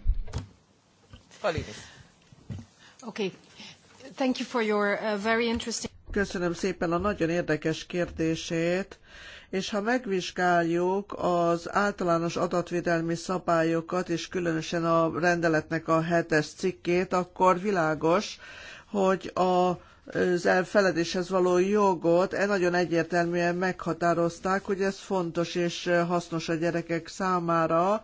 Thank you for your uh, very interesting... Köszönöm szépen a nagyon érdekes kérdését és ha megvizsgáljuk az általános adatvédelmi szabályokat, és különösen a rendeletnek a hetes cikkét, akkor világos, hogy a az elfeledéshez való jogot e nagyon egyértelműen meghatározták, hogy ez fontos és hasznos a gyerekek számára,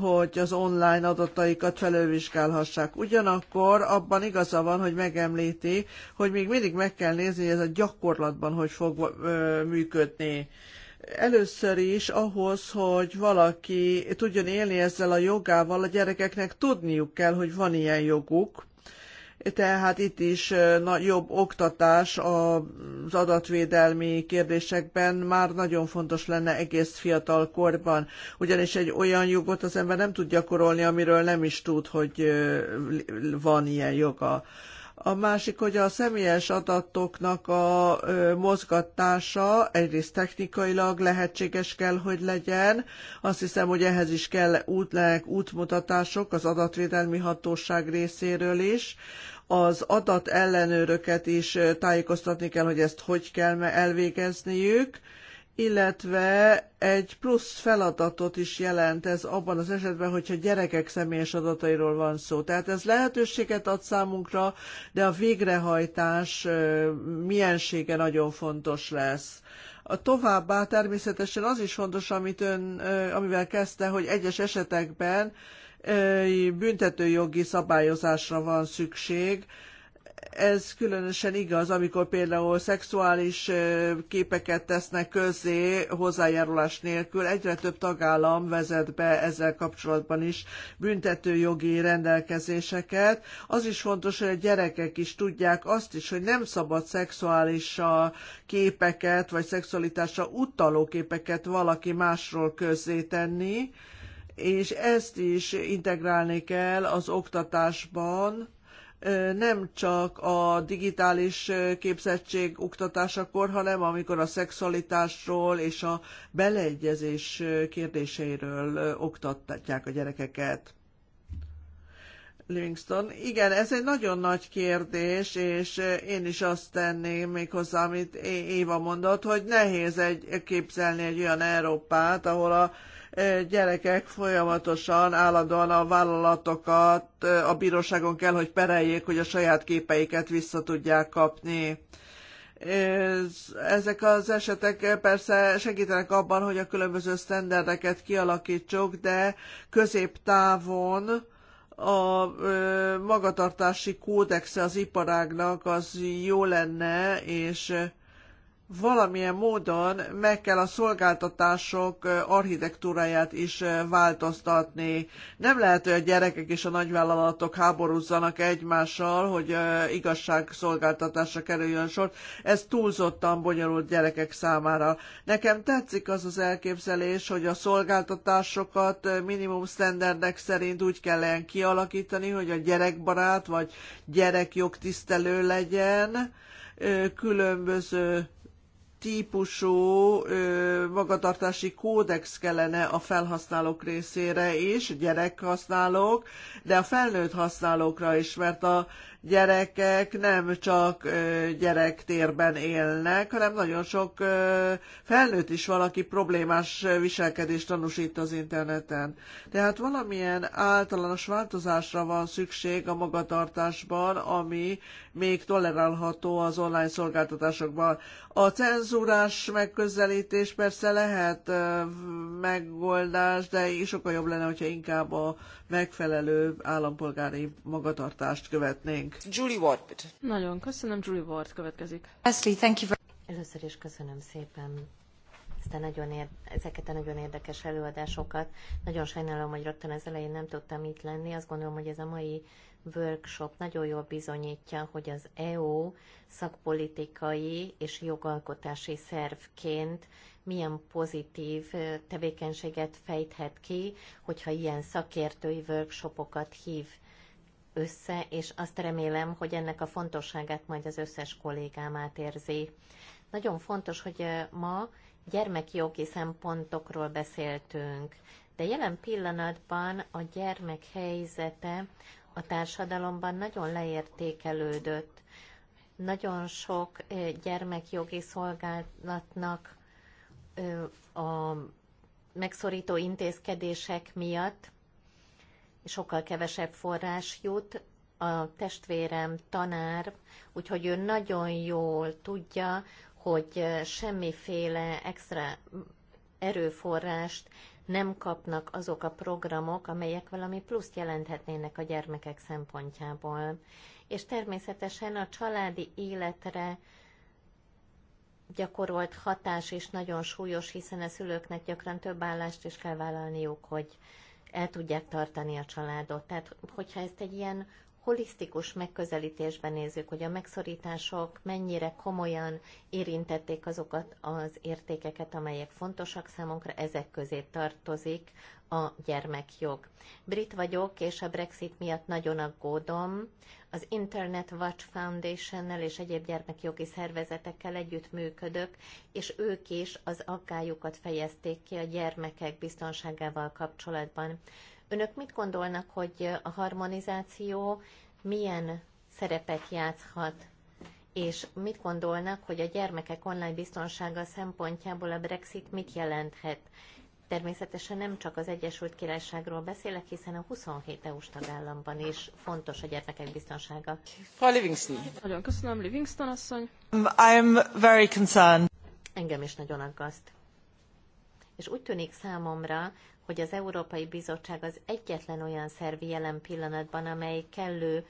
hogy az online adataikat felővizsgálhassák. Ugyanakkor abban igaza van, hogy megemlíti, hogy még mindig meg kell nézni, hogy ez a gyakorlatban hogy fog működni először is ahhoz, hogy valaki tudjon élni ezzel a jogával, a gyerekeknek tudniuk kell, hogy van ilyen joguk, tehát itt is jobb oktatás az adatvédelmi kérdésekben már nagyon fontos lenne egész fiatal korban, ugyanis egy olyan jogot az ember nem tud gyakorolni, amiről nem is tud, hogy van ilyen joga. A másik, hogy a személyes adatoknak a mozgatása egyrészt technikailag lehetséges kell, hogy legyen. Azt hiszem, hogy ehhez is kell útleg útmutatások az adatvédelmi hatóság részéről is az adatellenőröket is tájékoztatni kell, hogy ezt hogy kell elvégezniük, illetve egy plusz feladatot is jelent ez abban az esetben, hogyha gyerekek személyes adatairól van szó. Tehát ez lehetőséget ad számunkra, de a végrehajtás miensége nagyon fontos lesz. A továbbá természetesen az is fontos, amit ön, amivel kezdte, hogy egyes esetekben büntetőjogi szabályozásra van szükség, ez különösen igaz, amikor például szexuális képeket tesznek közzé hozzájárulás nélkül. Egyre több tagállam vezet be ezzel kapcsolatban is büntetőjogi rendelkezéseket. Az is fontos, hogy a gyerekek is tudják azt is, hogy nem szabad szexuális képeket vagy szexualitásra utaló képeket valaki másról tenni, és ezt is integrálni kell az oktatásban, nem csak a digitális képzettség oktatásakor, hanem amikor a szexualitásról és a beleegyezés kérdéseiről oktatják a gyerekeket. Livingston. Igen, ez egy nagyon nagy kérdés, és én is azt tenném még hozzá, amit Éva mondott, hogy nehéz egy, képzelni egy olyan Európát, ahol a gyerekek folyamatosan, állandóan a vállalatokat a bíróságon kell, hogy pereljék, hogy a saját képeiket vissza tudják kapni. Ezek az esetek persze segítenek abban, hogy a különböző sztenderdeket kialakítsuk, de középtávon a magatartási kódexe az iparágnak az jó lenne, és valamilyen módon meg kell a szolgáltatások architektúráját is változtatni. Nem lehet, hogy a gyerekek és a nagyvállalatok háborúzzanak egymással, hogy igazságszolgáltatásra kerüljön sor. Ez túlzottan bonyolult gyerekek számára. Nekem tetszik az az elképzelés, hogy a szolgáltatásokat minimum standardek szerint úgy kellene kialakítani, hogy a gyerekbarát vagy gyerekjog tisztelő legyen, különböző típusú magatartási kódex kellene a felhasználók részére is, gyerekhasználók, de a felnőtt használókra is, mert a gyerekek nem csak gyerektérben élnek, hanem nagyon sok felnőtt is valaki problémás viselkedést tanúsít az interneten. Tehát valamilyen általános változásra van szükség a magatartásban, ami még tolerálható az online szolgáltatásokban. A cenzúrás megközelítés persze lehet megoldás, de sokkal jobb lenne, hogyha inkább a megfelelő állampolgári magatartást követnénk. Julie Ward. Nagyon köszönöm, Julie Ward következik. Leslie, thank you very... Először is köszönöm szépen ezt a nagyon ér- ezeket a nagyon érdekes előadásokat. Nagyon sajnálom, hogy rögtön az elején nem tudtam itt lenni. Azt gondolom, hogy ez a mai workshop nagyon jól bizonyítja, hogy az EU szakpolitikai és jogalkotási szervként milyen pozitív tevékenységet fejthet ki, hogyha ilyen szakértői workshopokat hív össze, és azt remélem, hogy ennek a fontosságát majd az összes kollégám átérzi. Nagyon fontos, hogy ma gyermekjogi szempontokról beszéltünk, de jelen pillanatban a gyermek helyzete a társadalomban nagyon leértékelődött. Nagyon sok gyermekjogi szolgálatnak a megszorító intézkedések miatt sokkal kevesebb forrás jut, a testvérem tanár, úgyhogy ő nagyon jól tudja, hogy semmiféle extra erőforrást nem kapnak azok a programok, amelyek valami pluszt jelenthetnének a gyermekek szempontjából. És természetesen a családi életre gyakorolt hatás is nagyon súlyos, hiszen a szülőknek gyakran több állást is kell vállalniuk, hogy el tudják tartani a családot. Tehát, hogyha ezt egy ilyen holisztikus megközelítésben nézzük, hogy a megszorítások mennyire komolyan érintették azokat az értékeket, amelyek fontosak számunkra, ezek közé tartozik a gyermekjog. Brit vagyok, és a Brexit miatt nagyon aggódom az Internet Watch Foundation-nel és egyéb gyermekjogi szervezetekkel együttműködök, és ők is az aggályukat fejezték ki a gyermekek biztonságával kapcsolatban. Önök mit gondolnak, hogy a harmonizáció milyen szerepet játszhat és mit gondolnak, hogy a gyermekek online biztonsága szempontjából a Brexit mit jelenthet? Természetesen nem csak az Egyesült Királyságról beszélek, hiszen a 27 EU-s tagállamban is fontos a gyermekek biztonsága. Frau Livingston. Nagyon köszönöm, Livingston asszony. I'm very concerned. Engem is nagyon aggaszt. És úgy tűnik számomra, hogy az Európai Bizottság az egyetlen olyan szervi jelen pillanatban, amely kellő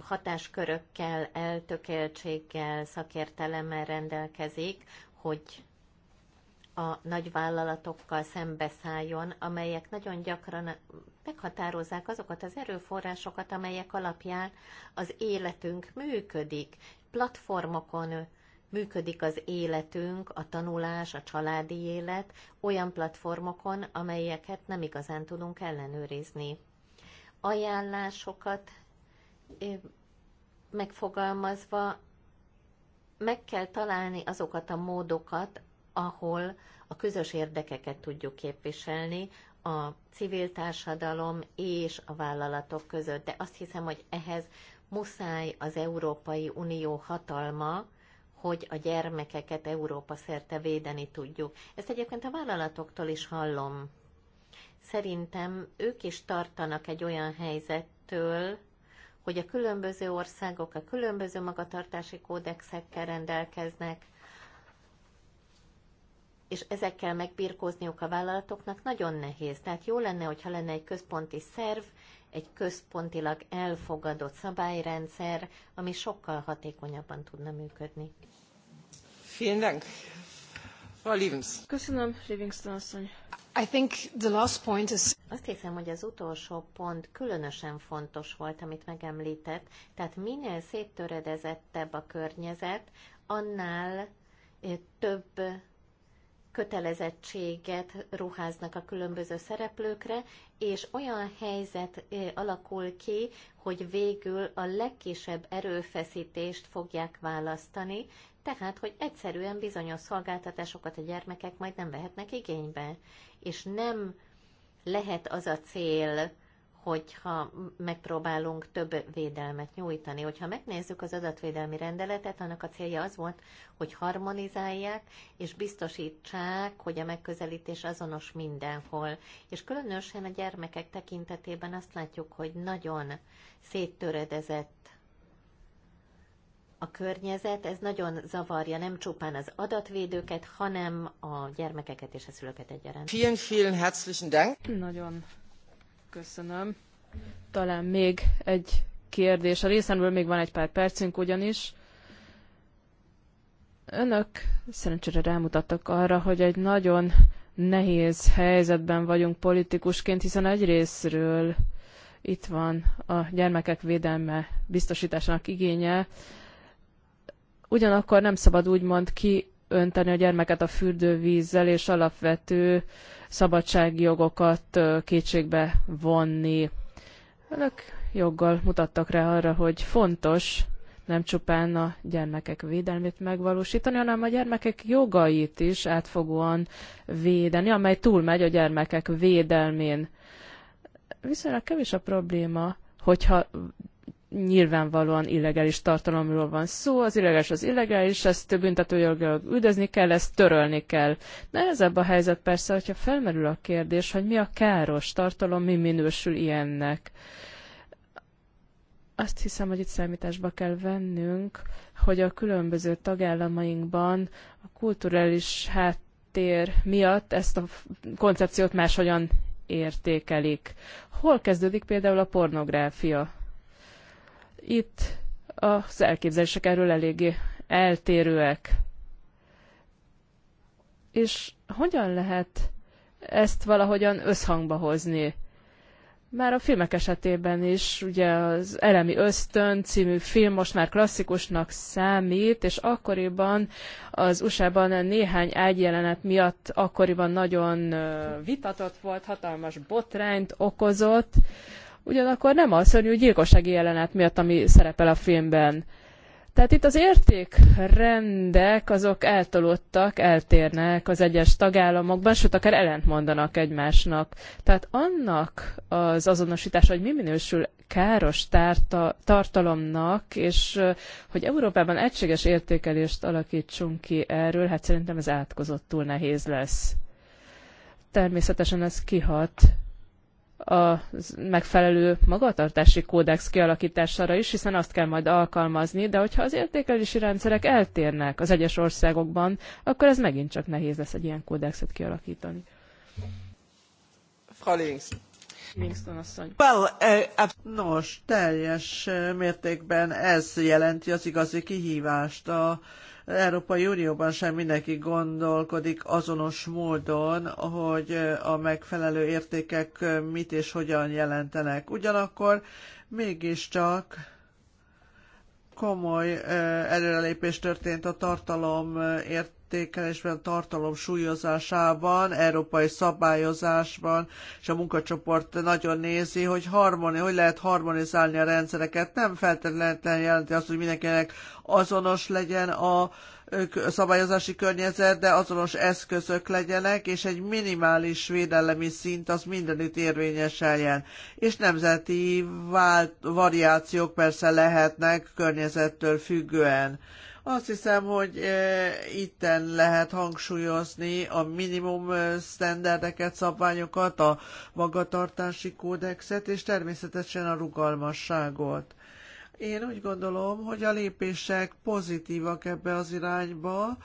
hatáskörökkel, eltökéltséggel, szakértelemmel rendelkezik, hogy a nagyvállalatokkal szembeszálljon, amelyek nagyon gyakran meghatározzák azokat az erőforrásokat, amelyek alapján az életünk működik. Platformokon működik az életünk, a tanulás, a családi élet olyan platformokon, amelyeket nem igazán tudunk ellenőrizni. Ajánlásokat megfogalmazva meg kell találni azokat a módokat, ahol a közös érdekeket tudjuk képviselni, a civil társadalom és a vállalatok között. De azt hiszem, hogy ehhez muszáj az Európai Unió hatalma, hogy a gyermekeket Európa szerte védeni tudjuk. Ezt egyébként a vállalatoktól is hallom. Szerintem ők is tartanak egy olyan helyzettől, hogy a különböző országok a különböző magatartási kódexekkel rendelkeznek, és ezekkel megbírkózniuk a vállalatoknak nagyon nehéz. Tehát jó lenne, hogyha lenne egy központi szerv, egy központilag elfogadott szabályrendszer, ami sokkal hatékonyabban tudna működni. Vielen Dank. Frau Livens. Köszönöm, Livingston asszony. I think the last point is... Azt hiszem, hogy az utolsó pont különösen fontos volt, amit megemlített. Tehát minél széttöredezettebb a környezet, annál eh, több kötelezettséget ruháznak a különböző szereplőkre, és olyan helyzet alakul ki, hogy végül a legkisebb erőfeszítést fogják választani, tehát, hogy egyszerűen bizonyos szolgáltatásokat a gyermekek majd nem vehetnek igénybe, és nem lehet az a cél, hogyha megpróbálunk több védelmet nyújtani. Hogyha megnézzük az adatvédelmi rendeletet, annak a célja az volt, hogy harmonizálják és biztosítsák, hogy a megközelítés azonos mindenhol. És különösen a gyermekek tekintetében azt látjuk, hogy nagyon széttöredezett a környezet, ez nagyon zavarja nem csupán az adatvédőket, hanem a gyermekeket és a szülőket egyaránt. Vielen, vielen herzlichen Dank. Nagyon Köszönöm. Talán még egy kérdés. A részemről még van egy pár percünk ugyanis. Önök szerencsére rámutattak arra, hogy egy nagyon nehéz helyzetben vagyunk politikusként, hiszen egy részről itt van a gyermekek védelme biztosításának igénye, ugyanakkor nem szabad úgymond ki önteni a gyermeket a fürdővízzel, és alapvető szabadságjogokat kétségbe vonni. Önök joggal mutattak rá arra, hogy fontos nem csupán a gyermekek védelmét megvalósítani, hanem a gyermekek jogait is átfogóan védeni, amely túlmegy a gyermekek védelmén. Viszonylag kevés a probléma, hogyha nyilvánvalóan illegális tartalomról van szó, az illegális az illegális, ezt büntetőjogilag üldözni kell, ezt törölni kell. Nehezebb a helyzet persze, hogyha felmerül a kérdés, hogy mi a káros tartalom, mi minősül ilyennek. Azt hiszem, hogy itt számításba kell vennünk, hogy a különböző tagállamainkban a kulturális háttér miatt ezt a koncepciót máshogyan értékelik. Hol kezdődik például a pornográfia? Itt az elképzelések erről eléggé eltérőek. És hogyan lehet ezt valahogyan összhangba hozni? Már a filmek esetében is, ugye az Elemi Ösztön című film most már klasszikusnak számít, és akkoriban az USA-ban néhány ágyjelenet miatt akkoriban nagyon vitatott volt, hatalmas botrányt okozott ugyanakkor nem a szörnyű gyilkossági jelenet miatt, ami szerepel a filmben. Tehát itt az értékrendek azok eltolódtak, eltérnek az egyes tagállamokban, sőt akár ellentmondanak egymásnak. Tehát annak az azonosítása, hogy mi minősül káros tárta, tartalomnak, és hogy Európában egységes értékelést alakítsunk ki erről, hát szerintem ez átkozottul nehéz lesz. Természetesen ez kihat a megfelelő magatartási kódex kialakítására is, hiszen azt kell majd alkalmazni, de hogyha az értékelési rendszerek eltérnek az egyes országokban, akkor ez megint csak nehéz lesz egy ilyen kódexet kialakítani. Frau Links. Eh, Nos, teljes eh, mértékben ez jelenti az igazi kihívást a Európai Unióban sem mindenki gondolkodik azonos módon, hogy a megfelelő értékek mit és hogyan jelentenek. Ugyanakkor mégiscsak komoly eh, előrelépés történt a tartalom ért értékelésben, tartalom súlyozásában, európai szabályozásban, és a munkacsoport nagyon nézi, hogy harmoni, hogy lehet harmonizálni a rendszereket. Nem feltétlenül jelenti azt, hogy mindenkinek azonos legyen a szabályozási környezet, de azonos eszközök legyenek, és egy minimális védelemi szint az mindenütt érvényeseljen. És nemzeti vált, variációk persze lehetnek környezettől függően. Azt hiszem, hogy e, itten lehet hangsúlyozni a minimum e, sztenderdeket, szabványokat, a magatartási kódexet, és természetesen a rugalmasságot. Én úgy gondolom, hogy a lépések pozitívak ebbe az irányba,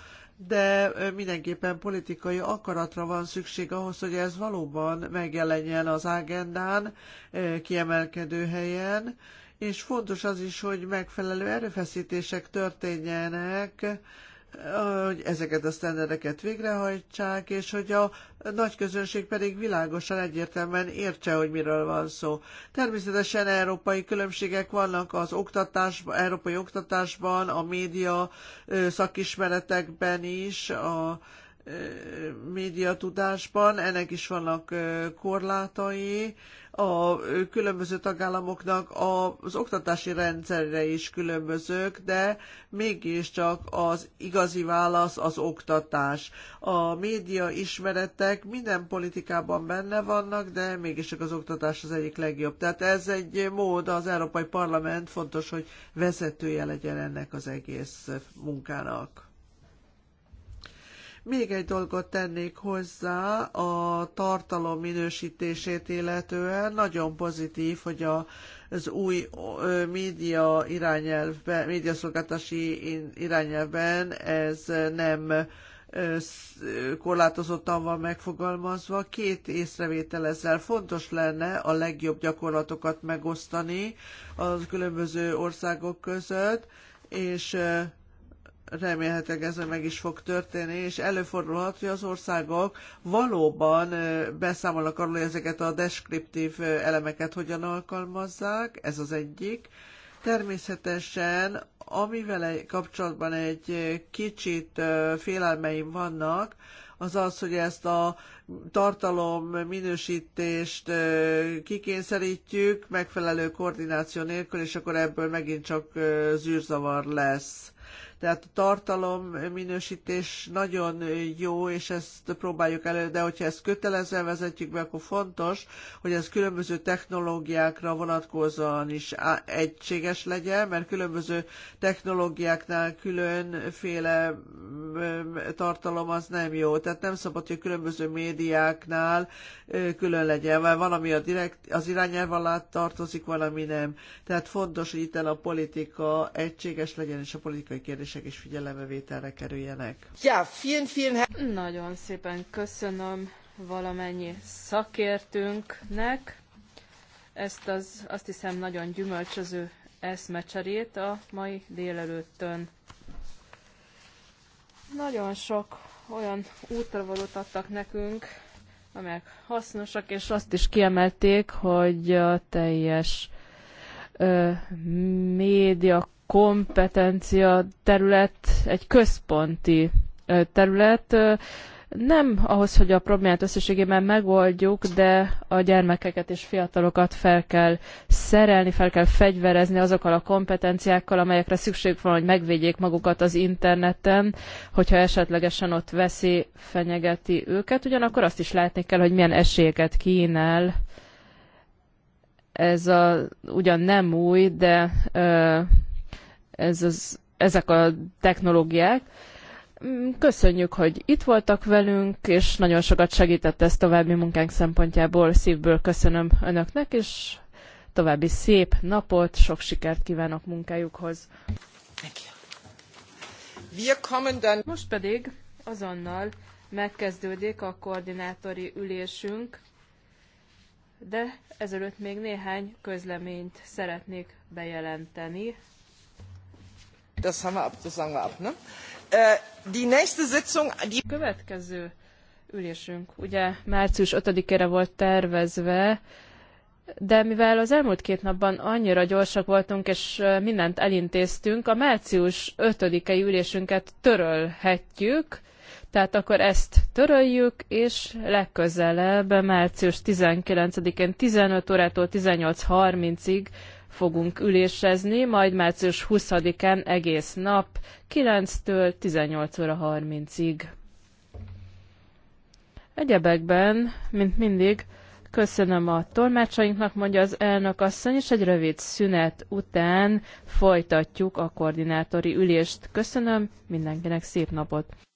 de e, mindenképpen politikai akaratra van szükség ahhoz, hogy ez valóban megjelenjen az agendán, kiemelkedő helyen, és fontos az is, hogy megfelelő erőfeszítések történjenek, hogy ezeket a sztendereket végrehajtsák, és hogy a nagy közönség pedig világosan egyértelműen értse, hogy miről van szó. Természetesen európai különbségek vannak az oktatás, európai oktatásban, a média szakismeretekben is, a médiatudásban, ennek is vannak korlátai, a különböző tagállamoknak az oktatási rendszerre is különbözők, de mégiscsak az igazi válasz az oktatás. A média ismeretek minden politikában benne vannak, de mégiscsak az oktatás az egyik legjobb. Tehát ez egy mód, az Európai Parlament fontos, hogy vezetője legyen ennek az egész munkának. Még egy dolgot tennék hozzá a tartalom minősítését illetően. Nagyon pozitív, hogy a, az új média irányelvben, médiaszolgáltási irányelvben ez nem korlátozottan van megfogalmazva. Két észrevétel ezzel fontos lenne a legjobb gyakorlatokat megosztani az különböző országok között, és remélhetőleg ez meg is fog történni, és előfordulhat, hogy az országok valóban beszámolnak arról, hogy ezeket a deskriptív elemeket hogyan alkalmazzák, ez az egyik. Természetesen, amivel kapcsolatban egy kicsit félelmeim vannak, az az, hogy ezt a tartalom minősítést kikényszerítjük megfelelő koordináció nélkül, és akkor ebből megint csak zűrzavar lesz. Tehát a tartalom minősítés nagyon jó, és ezt próbáljuk elő, de hogyha ezt kötelezően vezetjük be, akkor fontos, hogy ez különböző technológiákra vonatkozóan is egységes legyen, mert különböző technológiáknál különféle tartalom az nem jó. Tehát nem szabad, hogy különböző médiáknál külön legyen, mert valami a direkt, az irányelv alá tartozik, valami nem. Tehát fontos, hogy itt a politika egységes legyen, és a politikai kérdés döntések is figyelembevételre kerüljenek. Ja, vielen, vielen Nagyon szépen köszönöm valamennyi szakértőnknek ezt az azt hiszem nagyon gyümölcsöző eszmecserét a mai délelőttön. Nagyon sok olyan útravalót adtak nekünk, amelyek hasznosak, és azt is kiemelték, hogy a teljes ö, média kompetencia terület egy központi terület, nem ahhoz, hogy a problémát összességében megoldjuk, de a gyermekeket és fiatalokat fel kell szerelni, fel kell fegyverezni azokkal a kompetenciákkal, amelyekre szükség van, hogy megvédjék magukat az interneten, hogyha esetlegesen ott veszi, fenyegeti őket. Ugyanakkor azt is látni kell, hogy milyen esélyeket kínál ez a ugyan nem új, de ö, ez az, ezek a technológiák. Mm, köszönjük, hogy itt voltak velünk, és nagyon sokat segített ez további munkánk szempontjából. Szívből köszönöm Önöknek, és további szép napot, sok sikert kívánok munkájukhoz. Most pedig azonnal megkezdődik a koordinátori ülésünk, de ezelőtt még néhány közleményt szeretnék bejelenteni. Das haben wir ab, das sagen wir ab, ne? Äh, die nächste Sitzung, die... Következő ülésünk ugye március 5-ére volt tervezve, de mivel az elmúlt két napban annyira gyorsak voltunk, és mindent elintéztünk, a március 5-i ülésünket törölhetjük, tehát akkor ezt töröljük, és legközelebb március 19-én 15 órától 18.30-ig fogunk ülésezni, majd március 20-án egész nap 9-től 18 óra 30-ig. Egyebekben, mint mindig, köszönöm a tolmácsainknak, mondja az elnök asszony, és egy rövid szünet után folytatjuk a koordinátori ülést. Köszönöm mindenkinek szép napot!